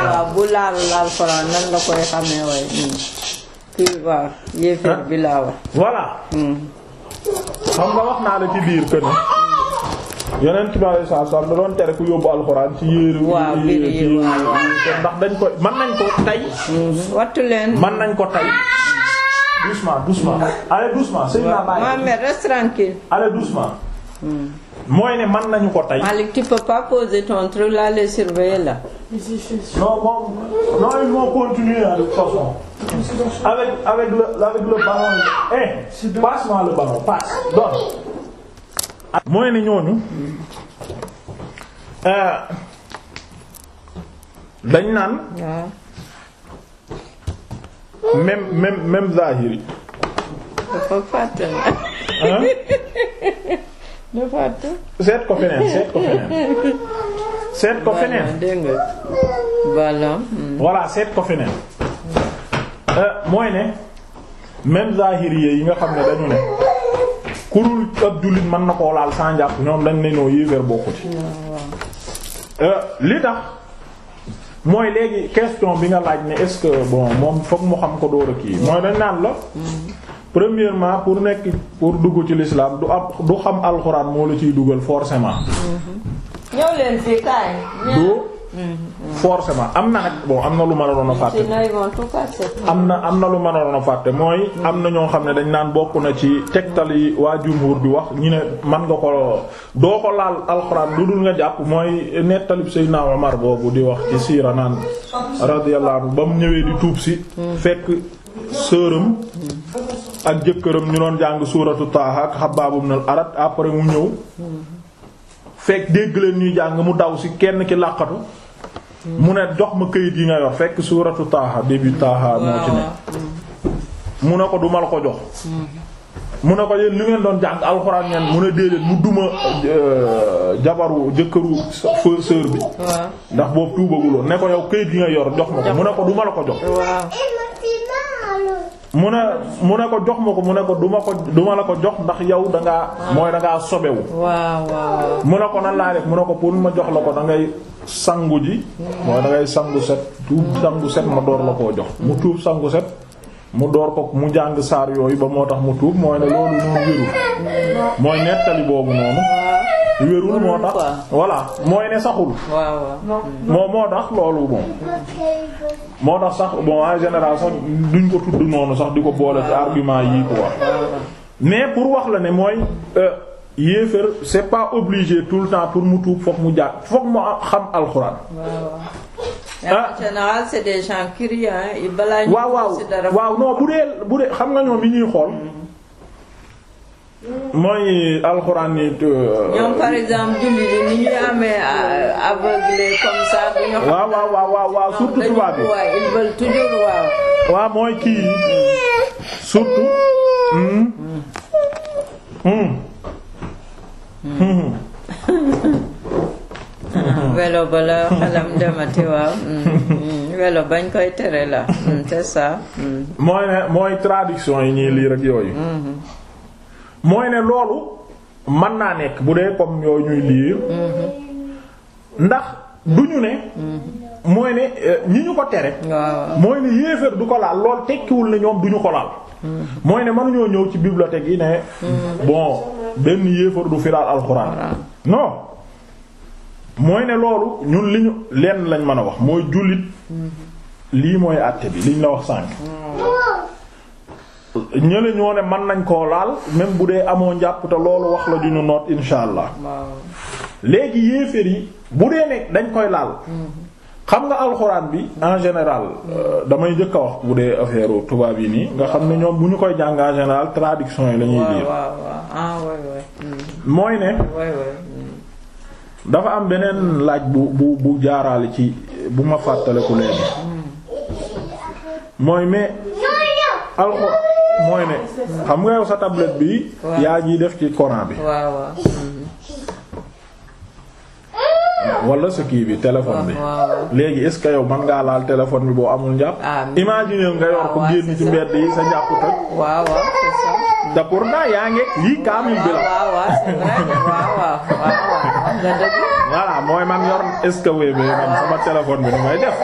waaw ah. bu laal laal Alxuraan nan la koy xamee waay. Hmm. kii bi laa wax. voilà. Hmm. xam nga wax naa la ci biir que yeneen tubaab yi saa soxna doon tere ku yóbbu alxuraan ci yéer. waaw biir yéer ndax dañ ko man nañ ko tay mm-hmm. wattu leen mën nañ ko tay doucement doucement. allez doucement. sëñ naa bàyyi Mohamed reste tranquille. allez doucement. Mm. ko tay Malik tu peux pas poser ton truc là les surveiller là. non moom non ils vont continuer de toute façon. avec avec le avec le ballon eh passe at mooy ne ñooñu euh, dañ naan même même même zahiri dafa fàtte na seet ko feneen seet ko feneen seet ko feneen dégg hmm. seet ko feneen euh, mooy ne même zahiri yi nga xam ne dañu ne kurul ab jullit mën na koo laal sans jàpp ñoom dañ ne noo yéeféer bokku euh, li tax mooy léegi question bi nga laaj ne est-ce que bon moom fokk mu xam ko door a kii mooy dañ naan la premièrement pour nekk pour dugg ci lislaam du ab du xam alxuraan moo la ciy dugal forcément ñëw leen fii kaay forcément am na am na lu mën doon am na am na lu mën a doon a fàtte mooy am na ñoo xam ne dañ naan bokk na ci tegtal yi waa jumhur di wax ñu ne man nga ko doo ko laal alxuraan lu dul nga jàpp mooy nettalib Seydina Omar boobu di wax ci siira naan radiyallahu anhu ba mu ñëwee di tuub si fekk sëram ak jëkkëram ñu doon jàng suuratu Taaha ak Habbaab ibn al-Arat après mu ñëw fekk dégg leen ñuy jàng mu daw si kenn ki làqatu mu ne jox ma kayit yi nga yor fekk suuratu taaha début taaha moo ci ne mu ne ko duma la ko jox mu ne ko yéen li ngeen doon jàng alxuraan ngeen mu ne déedéet mu duma euh, jabaru bi ndax boobu tuubaguloon ne ko yow këyit gi nga yor jox ma ko mu ne ko duma la ko jox mu ne mu ne ko jox ma ko mu ne duma ko duma la ko jox ndax yow dangaa mooy dangaa sobewu mu ne ko nan laa mu ne ko pour ma jox la ko dangay sangu ji moo da sangu set tuub sangu set ma door la koo jox mu tuub sangu set mu door ko mu jàng saar yooyu ba moo tax mu tuub mooy ne loolu noonu wérul nettali boobu noonu wérul moo tax voilà mooy ne saxul moom moo tax loolu moom moo tax sax bon en général sax duñ ko tudd noonu sax di ko boole ci argument yii ko wax mais pour wax la ne mooy euh, yéefér c'est pas obligé tout le temps pour mu tuub fokk mu jàpp fokk mu xam alxuraan. ah des gens curieux hein balaa ñu. waaw waaw non bu dee bu dee xam nga ñoom yi ñuy xool. Mm. mooy alxuraan yi. Euh, ñoom par exemple julli ni ñuy amee euh, aveuglé comme ça. du ñu xam waaw waaw waaw waaw surtout tubaab bi mooy kii surtout. Hmm, hmm. welo <laughs> ba la xelam demati waaw welo mm, mm, bañ koy tere la c'est mm, ça mooy ne mooy traduction yi ñuy liir rek yooyu mm-hmm. mooy ne loolu mën naa nekk bu dee comme yooyu ñuy lii mm-hmm. ndax duñu ne mm-hmm. mooy ne eh, ñi ñu ko tere mooy ne yéefar du ko laal lool tekkiwul ne ñoom duñu ko laal mooy ne mënuñoo ñëw ci bibliothèque yi ne mm. bon benn yéefar du firaal alxuraan non mooy ne loolu ñun li ñu lenn lañ mën a wax mooy jullit mm-hmm. lii mooy àtte bi liñ la wax sànk mm. ñële ñoo ne mën nañ koo laal même bu dee amoo njàpp te loolu wax la du noot insha allah léegi yéefar yi bu dee ne dañ koy laal mm-hmm. xam nga alxuraan bi en général euh, damay njëkk a wax bu dee affaire tubaab yi nii nga xam ne ñoom bu ñu koy jàng en général traduction yi la ñuy lire ah, hmm. mooy ne dafa am beneen laaj bu bu bu jaaraale ci bu ma fàttaleku leen hmm. mooy mais alxuraan mooy ne xam nga yow sa tablette bi yaa ngi def ci Coran bi hmm. wala sa kii bi téléphone bi. léegi est-ce que ngaa laal téléphone bi boo amul njàpp. imagine nga yor ko génn ci mbedd yi sa njàpp toj. waaw waaw yaa ngi lii kaamil bi la. waaw mooy man yor est-ce que wéy man sama téléphone bi ni may def.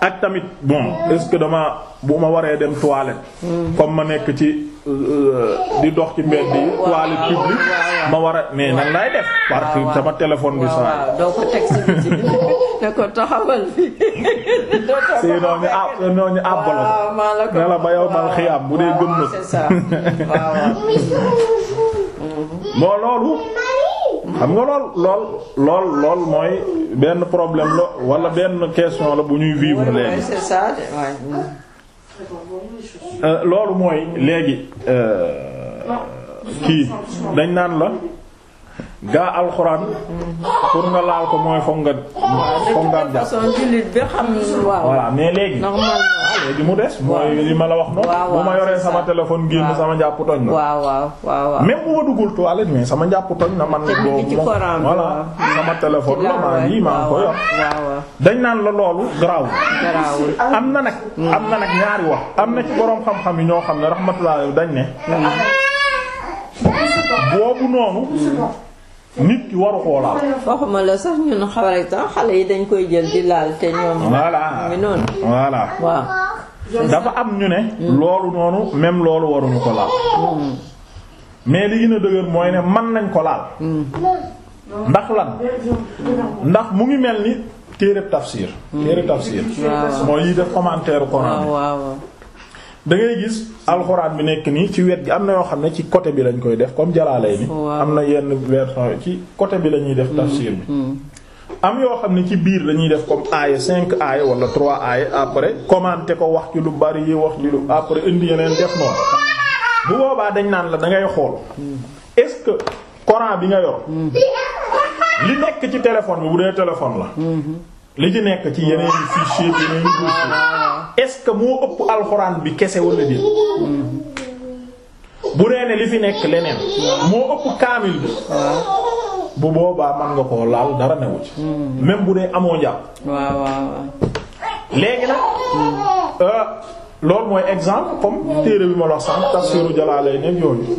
ak tamit bon est dama bu ma waree dem toilette. Hmm. comme ma nekk ci. Euh, di dox ci mbedd yi toilette publique ma war a mais nan laay def parce sama téléphone bi saa doo <laughs> ko àpp sinon àpp la ko ba yow mal xiyaam bu dee gëm na moo loolu xam nga lool lool lool lool mooy benn problème la wala benn question la bu ñuy vivre léegi Euh, loolu mooy léegi euh, kii dañ naan la gaa alxuraan pour nga laal ko mooy foog nga foog nga jàpp voilà mais léegi ah, léegi mu des mooy li ma la wax noonu bu ma yoree sama téléphone génn sama njàpp toj na waaw waaw waaw même bu ma duggul toilette mais sama njàpp toj na man ne boobu moom voilà sama téléphone la maa ngi maa ngi ko yor dañ naan la loolu garaawul am na nag am na nag ñaari wax am na ci boroom xam-xam yi ñoo xam ne raxmatullah dañ ne boobu noonu nit ki waru koo laal. waxuma la sax ñun xale yi dañ koy jël di laal te ñoom. voilà ñu noonu. voilà waaw. dafa am ñu ne. Hmm. loolu noonu même loolu waruñu ko laal. Hmm. mais li gën dëgër mooy ne man nañ ko laal. Hmm. ndax lan ndax mu ngi mel ni téere tafsir. téere tafsir. mooy yi def commentaire coran. da ngay gis alxuraan bi nekk nii ci wet gi am na yoo xam ne ci côté bi lañ koy def comme jalaalee ni am na yenn version ci côté bi la ñuy def tafsir bi mm-hmm. am yoo xam ne ci biir la ñuy def comme aaye cinq aaya wala trois aaya après commenter ko wax ci lu bari yi wax ci lu après indi yeneen def noonu mm-hmm. bu boobaa dañ naan la dangay xool mm-hmm. est-ce que Coran bi nga yor li nekk ci téléphone bi bu dee téléphone la li ci nekk ci yeneen fichier yeneen dossier est-ce que moo ëpp alxuraan bi kese wala déet bu dee ne li fi nekk leneen moo ëpp kaamil bi bu boobaa mën nga koo laal dara newu ci même bu dee amoo jàpp waaw nag euh, loolu mooy exemple comme téere bi ma la wax sànq tafsiru Jalalayn yooyu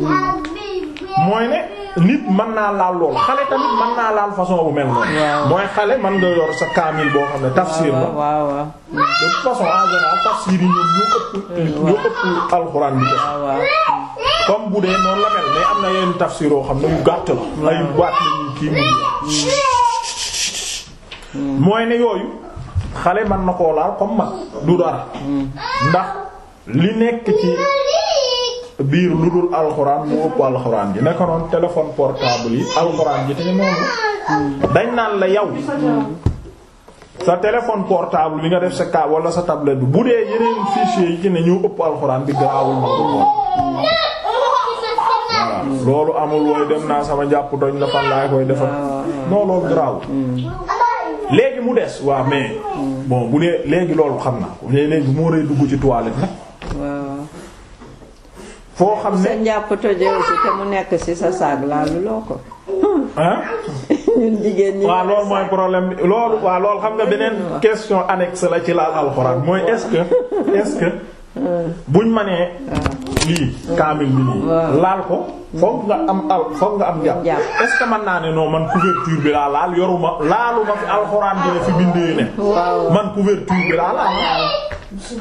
mooy ne nit mën naa laal loolu xale tamit mën naa laal façon bu mel noonu. mooy xale man nga yor sa kaamil boo xam ne. tafsir la waaw waaw de façon en tafsir yi ñoom ñoo ëpp. Eh, ñoo ëpp alxuraan bi comme bu dee noonu la mel mais am na yenn tafsir xam ne yu gàtt la. ay baat lañuy mooy ne yooyu xale mën na koo laal comme mag du dara. Hmm. ndax li nekk ci. biir lu dul alxuraan mu ëpp alxuraan ji naka noonu téléphone portable yi alxuraan ji te noonu dañ naan la yow sa téléphone portable bi nga def sa ka wala sa tablette bi bu dee yeneen fichier yi ci ne ñu ëpp alxuraan bi gaawul ma loolu amul wooy dem naa sama jàpp doñ la fan laay koy defal non loolu garaawul léegi mu des waaw mais bon dee léegi loolu xam na léegi moo rey dugg ci toilette foo xam ne sa njàpp tojee si te mu nekk si sa saag laalu loo ko. ah. <laughs> jigéen ñi. waaw loolu mooy problème bi loolu. waaw lool xam nga beneen question annexe la ci laal alxuraan mooy est-ce que que. buñ ma nee. lii kaamil bi nii. laal ko foog nga am al foog nga am jàpp. est-ce que mën naa ne non man couverture bi laa laal yoruma laaluma fi alxuraan bi ne fi bindee ne. man couverture bi laa laal.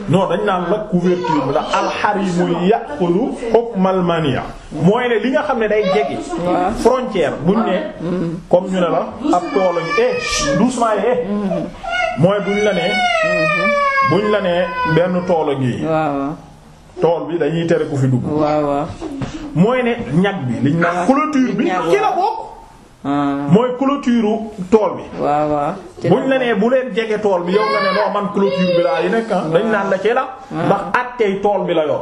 non dañu naan la couverture bi ndax alxarimu yàqulu hukmal mania mooy ne li nga xam ne day jege frontière buñ ne comme ñu ne la ab toolañ e eh, doucement ye eh. mooy buñ la nee buñ la nee benn toolañ yi tool bi dañuy tere ku fi dugg mooy ne ñag bi liñ naan ah, clôture bi ci la bokk Ah. mooy clôture tool bi. waaw waaw. buñ la nee bu leen jege tool bi yow nga ne non man clôture bi laa yi nekk ah. dañ naan la ci la. Ah. ndax àttey tool bi la yor.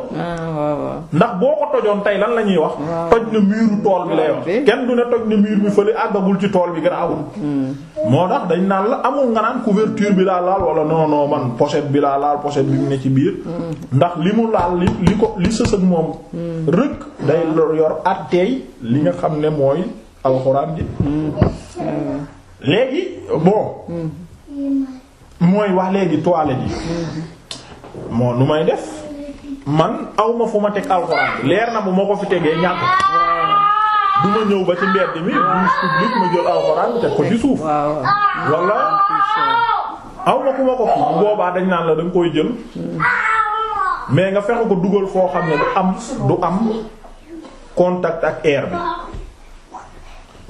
ndax boo ko tojoon tey lan la ñuy wax. toj na miiru tool bi la yor. kenn du ne toj na miir bi fële àggagul ci tool bi garaawul. Hmm. moo tax dañ naan la amul nga naan couverture bi laa laal wala non non man pochette bi laa laal pochette bi mu ne ci biir. Hmm. ndax li mu laal li li ko li sës ak moom. Hmm. rëkk day yor àttey li nga xam ne mooy. alxuraan ji léegi bon mooy wax léegi toilette yi moo nu may def man awma fu ma teg alxuraan leer na bu moo ko fi tegee ñàkk du ñëw ba ci mbedd mi douche publique ma jël alxuraan teg ko ci suuf walla awma ku ma ko fi boobaa dañ naan la danga koy jël mais nga fexe ko dugal foo xam ne du am du am contact ak air bi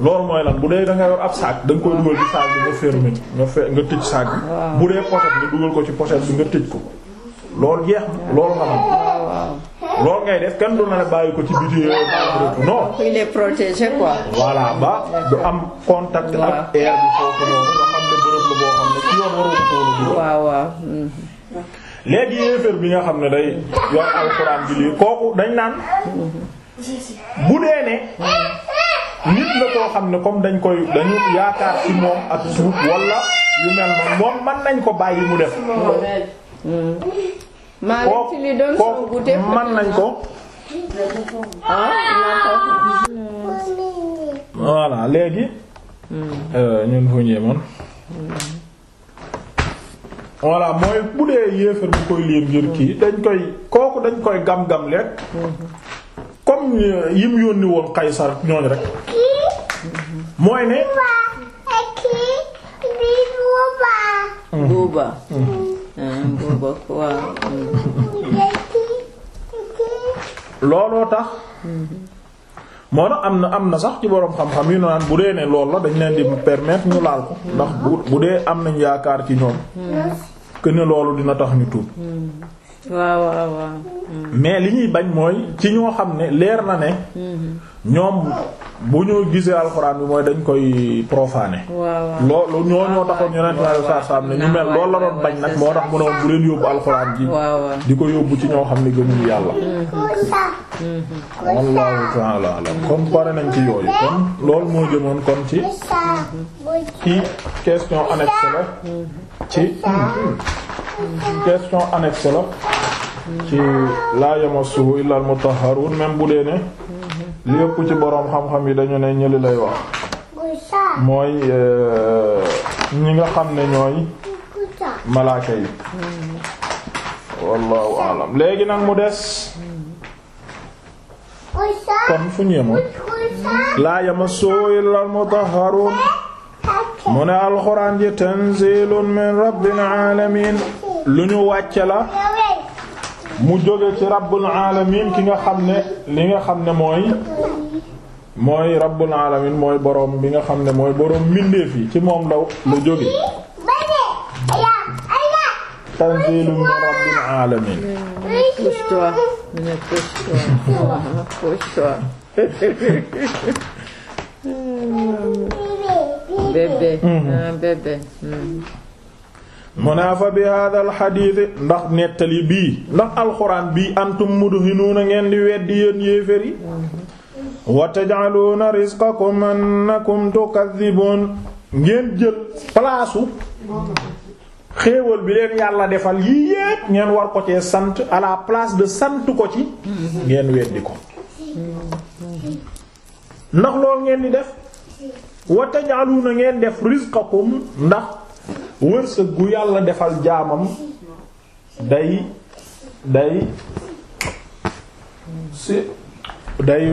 loolu mooy lan bu dee da nga yor ab saak da nga koy dugal ci saak bi nga fermé nga fe nga tëj saak bi. bu dee pochette nga dugal ko ci pochette bi nga tëj ko. lool jeex loolu nga xam. bàyyi ko ci biti non. il est protégé voilà ba am contact ak nga xam ne bërëb la boo xam ne ci mm-hmm. bi nga xam ne day yor alxuraan bi lii kooku dañ naan. Mm-hmm. bu dee ne. Mm-hmm. nit la koo xam ne comme dañ koy dañu yaakaar ci moom ak suuf wala yu mel noonu moom man nañ ko bàyyi mu def kooku man nañ ko voilà léegi euh, ñun fu ñu yemoon voilà mooy bu dee yéefar bu koy liir ngir kii dañ koy kooku dañ koy gam-gam lekk comme euh, yi mu yónni woon Qaysar ñooñu rek mooy ne. buuba mm. Mm. Ah, looloo tax moo tax am na am na sax ci boroom xam-xam yu naan bu dee ne lool la dañ leen di permettre ñu laal ko ndax bu bu dee am nañ yaakaar ci ñoom mm. que ne loolu dina tax ñu tuub waaw waaw mais li ñuy bañ mooy ci ñoo xam ne leer na ne. Mm-hmm. ñoom bu ñu gisee alxuraan bi mooy dañ koy profaane loolu ñoo ñoo taxoon yonent bi sallallahu alayhi wasallam ne ñu mel loolu la doon bañ nag moo tax mu ne woon bu leen yóbbu alxuraan ji di ko yóbbu ci ñoo xam ne gëmuñu yàlla. Mm-hmm. wallahu ta'ala alam kon pare nañ ci yooyu kon loolu moo jëmoon kon ci ci question annexe la ci mm-hmm. question annexe la ci la yamassuhu illa al-mutahharun même bu dee li ëpp ci boroom xam-xam yi dañu ne ñëli lay wax mooy euh, ñi nga xam ne ñooy malaaka yi léegi nag mu des kon fu ñu yemoon laa yamassuhu illal mu ne alxuraan ji tanzilun min rabbil alamin lu ñu wàcce la mu jóge ci rabbul alamin ki nga xam ne li nga xam ne mooy mooy rabbul alamin mooy boroom bi nga xam ne mooy borom mbindeef yi ci moom la lu jóge tanzilun min rabbil alamin bébé hmm. ah, bébé hmm. mu naa fa bi hada alxadiis ndax nettali bii ndax alxuraan bii antum mudhinuuna ngeen di weddi yéen yéefér yi wa taj'aluuna rizqakum annakum tukadhibuun ngeen jël palaasu xéewal bi leen yàlla defal yii ngeen war ko cee sant à la place de sant ko ci ngeen weddi ko ndax lool ngeen di def wa taj'aluuna ngeen def rizqakum ndax wërsëg gu yàlla defal jaamam day day si day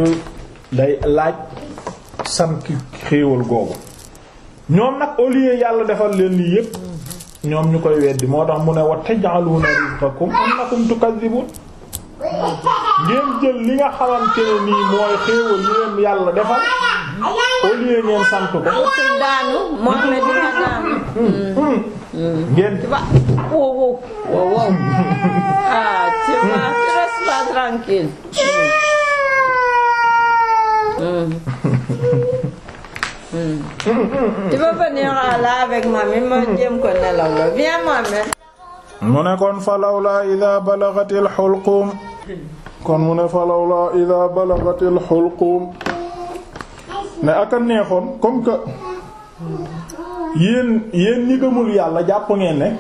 day laaj sant xéewal googu ñoom nag au yàlla defal leen lii yépp ñoom ñu koy weddi moo tax mu ne wa taj'aluna rizqakum annakum tukadhibun ngeen jël li nga xamante ne nii mooy xéewal yi leen yàlla defal au lieu ngeen ko. ngeen. waaw waaw ah tu vas tu restes pas tranquille. tu vas venir là avec mami ma jéem ko nelaw la viens mami. mu ne kon falawla idha balaghatil hulqum kon mu ne falawla idha balaghatil hulqum ne aka neexoon comme que. yéen yéen ñi gëmul yàlla jàpp ngeen ne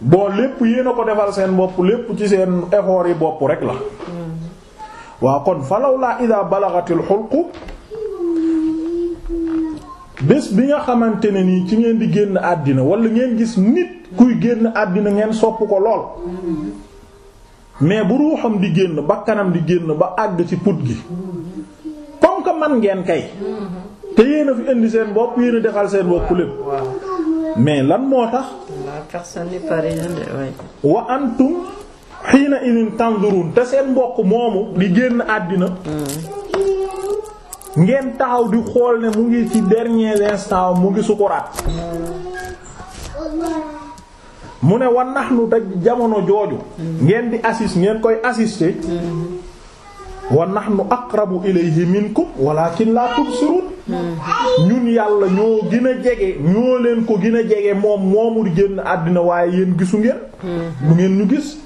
boo lépp yéen a ko defal seen bopp lépp ci seen effort yi bopp rek la waaw kon falaw laa ida balagatil xulqu bés bi nga xamante ne nii ci ngeen di génn àddina wala ngeen gis nit kuy génn àddina ngeen sopp ko lool mais bu ruuxam di génn ba kanam di génn ba àgg ci put gi comme que man ngeen kay te yéen a fi indi seen bopp yéen defal seen bopp lépp mais lan moo tax. wa antum hiina idin tanzurun te seen mbokk moomu di génn àddina. Hmm. ngeen taxaw di xool ne mu ngi ci dernier instant mu ngi sukuraat. Hmm. mu ne wa nahnu te jamono jooju. Hmm. ngeen di assist ngeen koy assister. wa nahnu aqrabu ilayhi minkum walakin la tubsirun ñun yàlla ñoo gin a jege ñoo leen ko gin a jege moom moomu di génn àddina waaye yéen gisu ngeen mm-hmm. bu ngeen ñu gis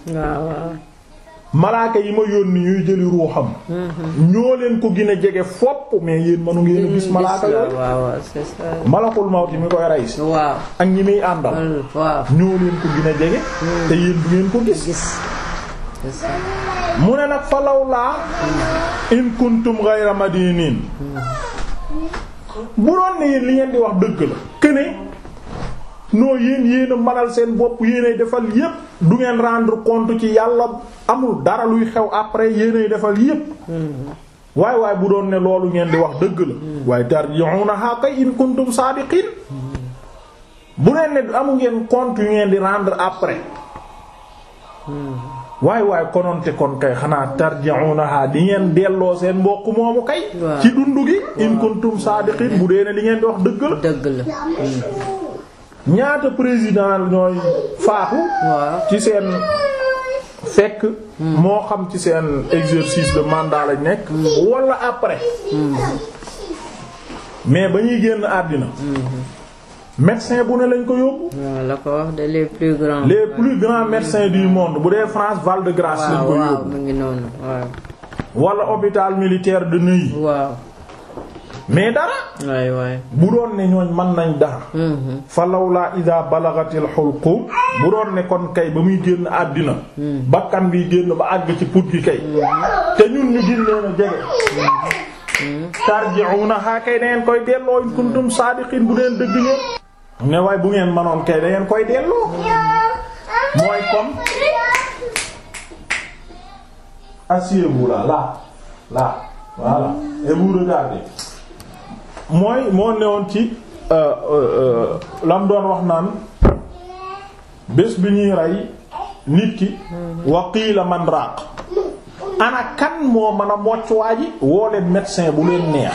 malaaka yi ma yónni ñuy jëli ruuxam mm-hmm. ñoo leen ko gën a jege fopp mais yéen mënu ngeen gis mm-hmm. malaaka yooyu malakul mawti mi koy rey ak ñi muy àndal mm, ñoo leen ko gën a jege mm. te yéen du ngeen ko gis mu ne nag falaw laa mm. in kuntum ghayra bu doon ne li ngeen di wax dëgg la que ne non yéen yéen seen bopp yéenay defal yépp du ngeen rendre compte ci yàlla amul dara luy xew après yéenay defal yépp. waay waay bu doon ne loolu ngeen di wax dëgg la. waaye tarji'unaha kay in kuntum saadiqin bu leen ne amu ngeen compte yu ngeen di rendre après. waaye waaye kononte kon kay xanaa tarji'unaha di ngeen delloo seen mbokk moomu kay ci dund gi in kuntum saadiqin bu dee ne li ngeen di wax dëgg la dëgg la ñaata président ñooy faatu ci seen fekk hmm. moo xam ci seen exercice de mandat lañ nekk hmm. wala après hmm. mais ba ñuy génn àddina médecin bu ne lañ ko yóbbu. la ko wax de les plus grands. les plus grands médecins du monde bu dee France Val de Grâce. lañ ko yóbbu mu ngi noonu waaw. wala hôpital militaire de Neuilly. waaw. mais dara. waay waay bu doon ne ñooñ mën nañ dara. Mm-hmm. fa lawlaa idaa balagatil xulqum bu doon ne kon kay ba muy génn àddina. Mm-hmm. bakkan biy génn ba àgg ci put gi kay. Mm-hmm. te ñun ñu gën leen a jege. tarji'unahaa kay dangeen koy delloo in kuntum saadiqiin bu deen dëgg ñëpp. ne waaye bu ngeen manoon kay da koy delloo mooy comme asseyez-vous là là là ci euh, euh, euh, lam doon wax naan bés bi ñuy rey nit ki wa qiila man raaq ana kan moo mën a mocc waa woo leen médecin bu leen neex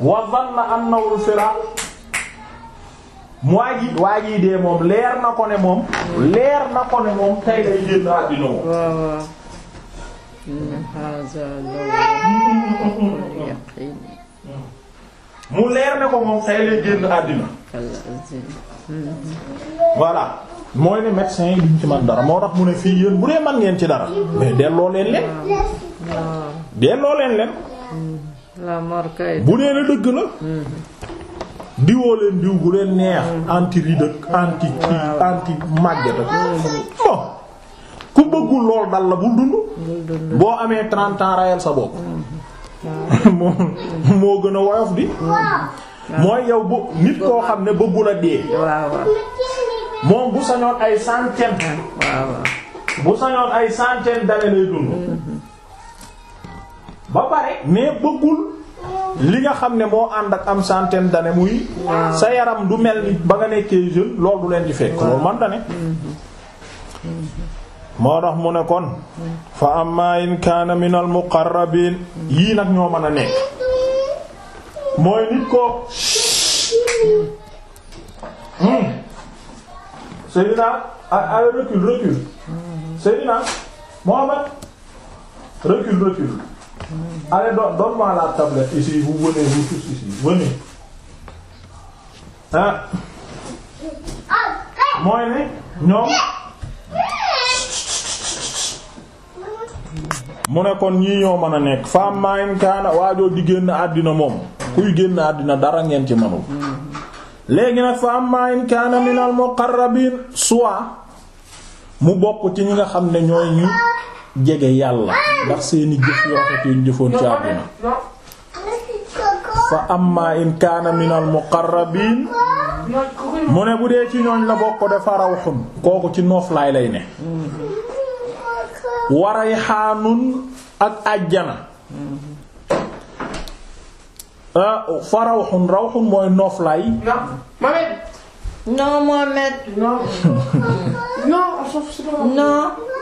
wa dhanna annahu al-firaaq waa ji waa ji moom leer na ko ne moom mu leer na ko moom tay lay génn àddina voilà mooy ne médecin yi duñ ci man dara moo tax mu ne fii yéen bu dee man ngeen ci dara mais delloo leen leen delloo leen leen bu dee na dëgg la diwoo leen diw gu leen neex anti ridëk anti kii anti màgget ku bëggul lool dal la bul dund boo amee trente ans rayal sa bopp mm-hmm. <laughs> moo gën a woyof di mm-hmm. mooy yow bu nit koo xam ne bëggul a dee moom bu sañoon ay centaine mm-hmm. bu sañoon ay centaine d'années lay dund ba pare mais bëggul li nga xam ne moo ànd ak am centaine d'années muy sa yaram du mel ni ba nga nekkee jeune loolu leen di fekk loolu man da mm-hmm. moo tax mu ne kon mm-hmm. fa amma in kaana min al muqarrabin yii nag ñoo mën a nekk mooy nit ko hmm. Seydina ak ay recul recul mm-hmm. Seydina Muhammad recul recul allez don donne-moi la tablette ici vous venez vous mooy ne ñoom mu ne kon ñii ñoo mën a nekk femme main kaana waajoo di génn àddina moom kuy génn àddina dara ngeen ci manul léegi nag femme main kaana minal muqarrabin soit mu bokk ci ñi nga xam ne ñooy ñi jege yàlla ndax seeni jëf yoo xet yuñ jëfoon ci àddina fa amma in kaana minal muqarrabiin mu ne bu dee ci ñooñ la bokk dafa rawxun kooku ci nooflaay lay ne waray xaanun ak àjjana ah, fa rawxun rawxun mooy nooflaay non Mohamed non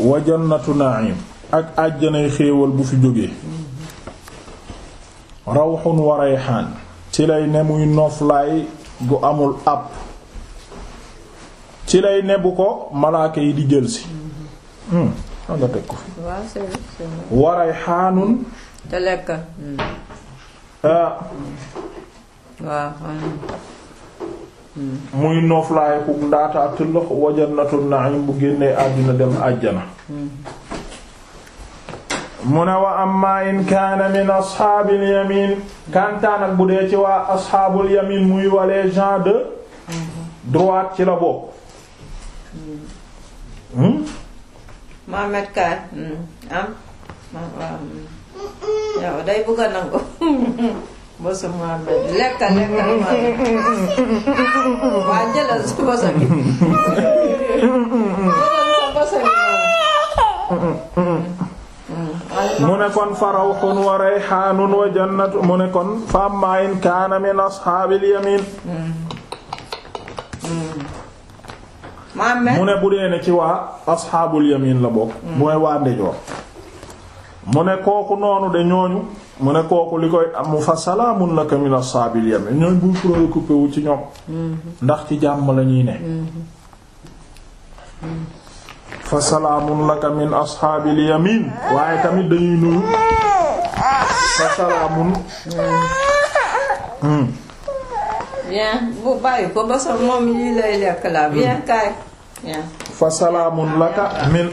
wa jannatu na'im ak àjjanay xéewal bu fi jógee rawxun wa rayxaan ci lay ne muy noflaay gu amul àpp ci lay ne bu ko malaaka yi di jëlsi hmm, xam nga teg muy nooflaay ku ndaata ak tëllëx wa jannatun na'im bu génnee àddina dem àjjana mu ne wa amma in kaana min ashaabil yamin kantaan ak bu dee ci waa ashaabul yamin muy walee gens de droite ci la bokk hmm? Mohamed Ka hmm, am hmm. day bëgg nangu <laughs> boso Mouhamed lekkal lekkal Mouhamed waa jëlal sa boso bi jëlal sa boso bi mu ne kon fa rawxun wa rayxaanun wa jannatu mu ne kon fa ammaa in kaana min ashaabil yamiin bu dee ne ci waa ashaabul yamiin la bokk mu ne kooku noonu de ñooñu mu ne kooku li koy amu fa salaamun laka min ashaabil yamin ñooñ bu préoccupé wu ci ñoom mm-hmm. ndax ci jàmm la ñuy ne mm-hmm. fa salaamun laka min ashaabil yamin waaye tamit mm. mm. min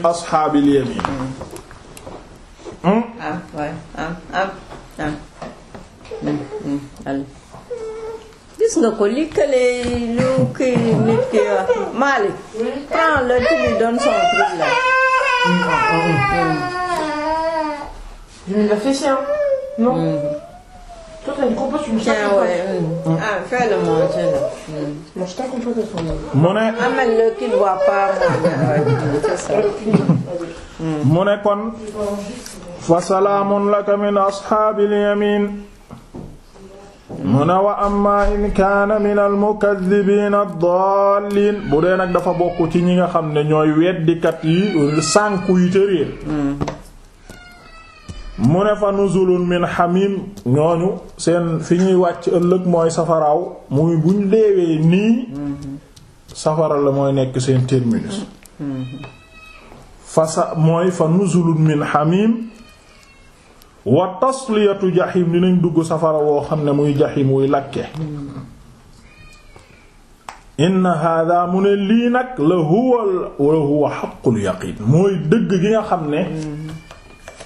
ashaabil yamin mm. gis ah, ah, ah, mm, mm, nga ko li kële lu ki wax Malick. prends le tu lui donnes son truc là. Mm, l'a fait mu ah, ah, ne. Ah, mu <laughs> hmm. ne kon. fa salaamun laka min ashaabil yamiin. mu wa amma in kaana min al mukaddibiin ad-daalliin bu dee nag dafa bokk ci ñi nga xam ne ñooy weddikat yi sànku yi te mu ne fa nuzulun min hamim ñooñu seen fi ñuy wàcc ëllëg mooy safaraaw muy buñ deewee nii safara la mooy nekk seen terminus fa sa mooy fa nuzulun min hamim wa tasliyatu jaxim dinañ dugg safara woo xam ne muy jaxim wuy lakke inna hada mu ne lii nag la huwa la huwa xaqul yaqiin mooy dëgg gi nga xam ne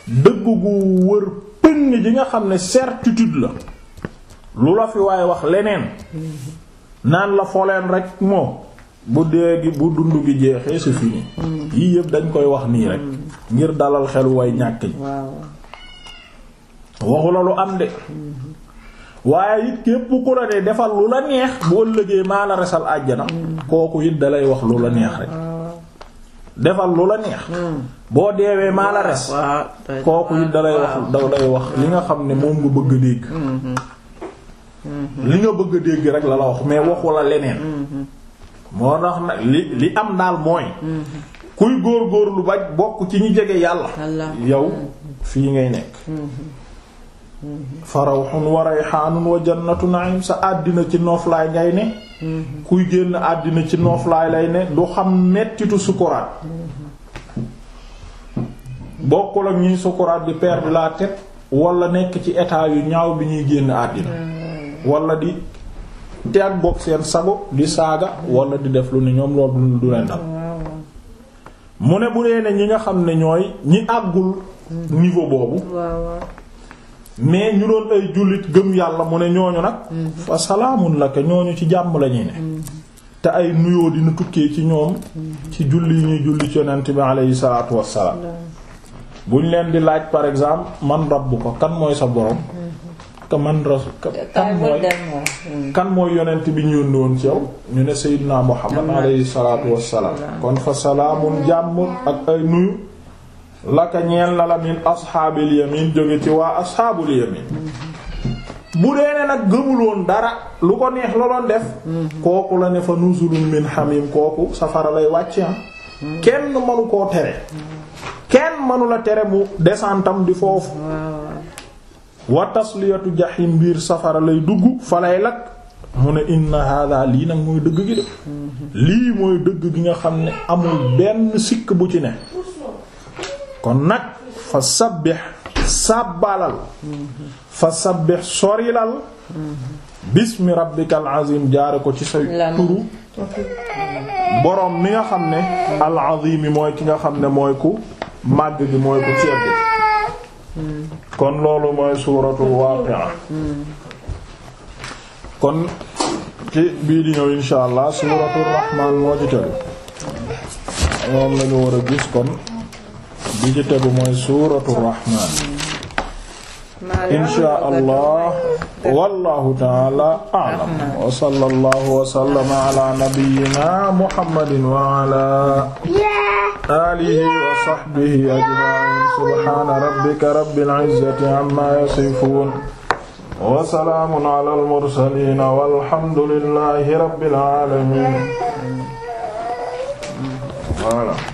dëgg gu wër pënn ji nga xam ne certitude la lu la fi waaye wax leneen naan la foleen rek moo bu dee bu dund gi jeexee c'est fini mm. yii yëpp dañ koy wax nii rek mm. ngir dalal xelu way ñàkk ji waxu la lu am de mm-hmm. waaye it képp ku la dee defal lu la neex bu mm. kooku it dalay wax lu la neex rek defal lu la neex boo deewee maa la res kooku it dalay wax daw day wax li nga xam ne moom nga bëgg a dégg mm-hmm. Mm-hmm. li nga bëgg a dégg rek lala wax mais waxu la leneen mm-hmm. moo tax nag li am daal mooy kuy góor lu ba bokk ci ñu jege yàlla yow fii ngay nekk farawxun wa rayxaanun wa jannatu naim sa àddina ci nooflaay ngay ne kuy génn àddina ci nooflaay lay ne du xam mettitu sukuraat bokkul ak ñuy sukuraat di perdre la walla nekk ci état yu ñaaw bi ñuy génn àddina hmm. wala di te ak boog seen sago di saaga wala di def lu ne ñoom loolu du leen dal hmm. mu ne bu dee ne ñi nga xam ne ñooy ñi àggul hmm. niveau boobu mais ñu doon ay jullit gëm yàlla mu ne ñooñu nag fa salaamun laka ñooñu ci jàmm lañuy ne te ay nuyoo dina tukkee ci ñoom ci julli yi ñuy julli ci yonent bi aleyhi salaatu wassalaam buñ leen di laaj par exemple man rabbuka kan mooy sa borom. kan mooy hmm. kan mooy yonent bi ñu ñu ne Seydina Muhammad alayhi salaatu wassalaam kon fa salaamun jàmm ak ay nuyu. laka ñeel na la min ashaabil yamin jóge ci waa ashaabul yamin bu dee ne nag gëmul dara lu ko neex la def. Hmm. kooku la ne fa nuzulun min hamim kooku safara lay wàcc ah. Hmm. kenn mënu koo tere. kenn mënula tere mu desantam di foofu wa tasliyatu jahim biir safara lay dugg fa lay lakk mu ne inna hada lii nag mooy dëgg gi de mm-hmm. lii mooy dëgg gi nga xam ne amul benn sikk bu ci ne kon nag fa sabbih sàbbalal mm-hmm. fa sabbih sorilal mm-hmm. bismi rabbikal azim jaare ko ci say turu boroom mi nga xam ne al azim mooy ki nga xam ne mooy ku màgg bi mooy bu tedd kon loolu mooy suuratul waaqi'a kon ci bii di ñëw insha allah suuratul rahmaan moo ci tegu moom lañu war gis kon bi ci tegu mooy suuratul rahmaan insha allah wallahu taala a'lam wa sallallahu wa sallama ala nabiyyina muhammadin wa ala alihi wa sahbihi ajma'in subhana rabbika rabbil izzati amma yasifun wa salaamun ala al mursalin walhamdulillahi rabbil alamin voilà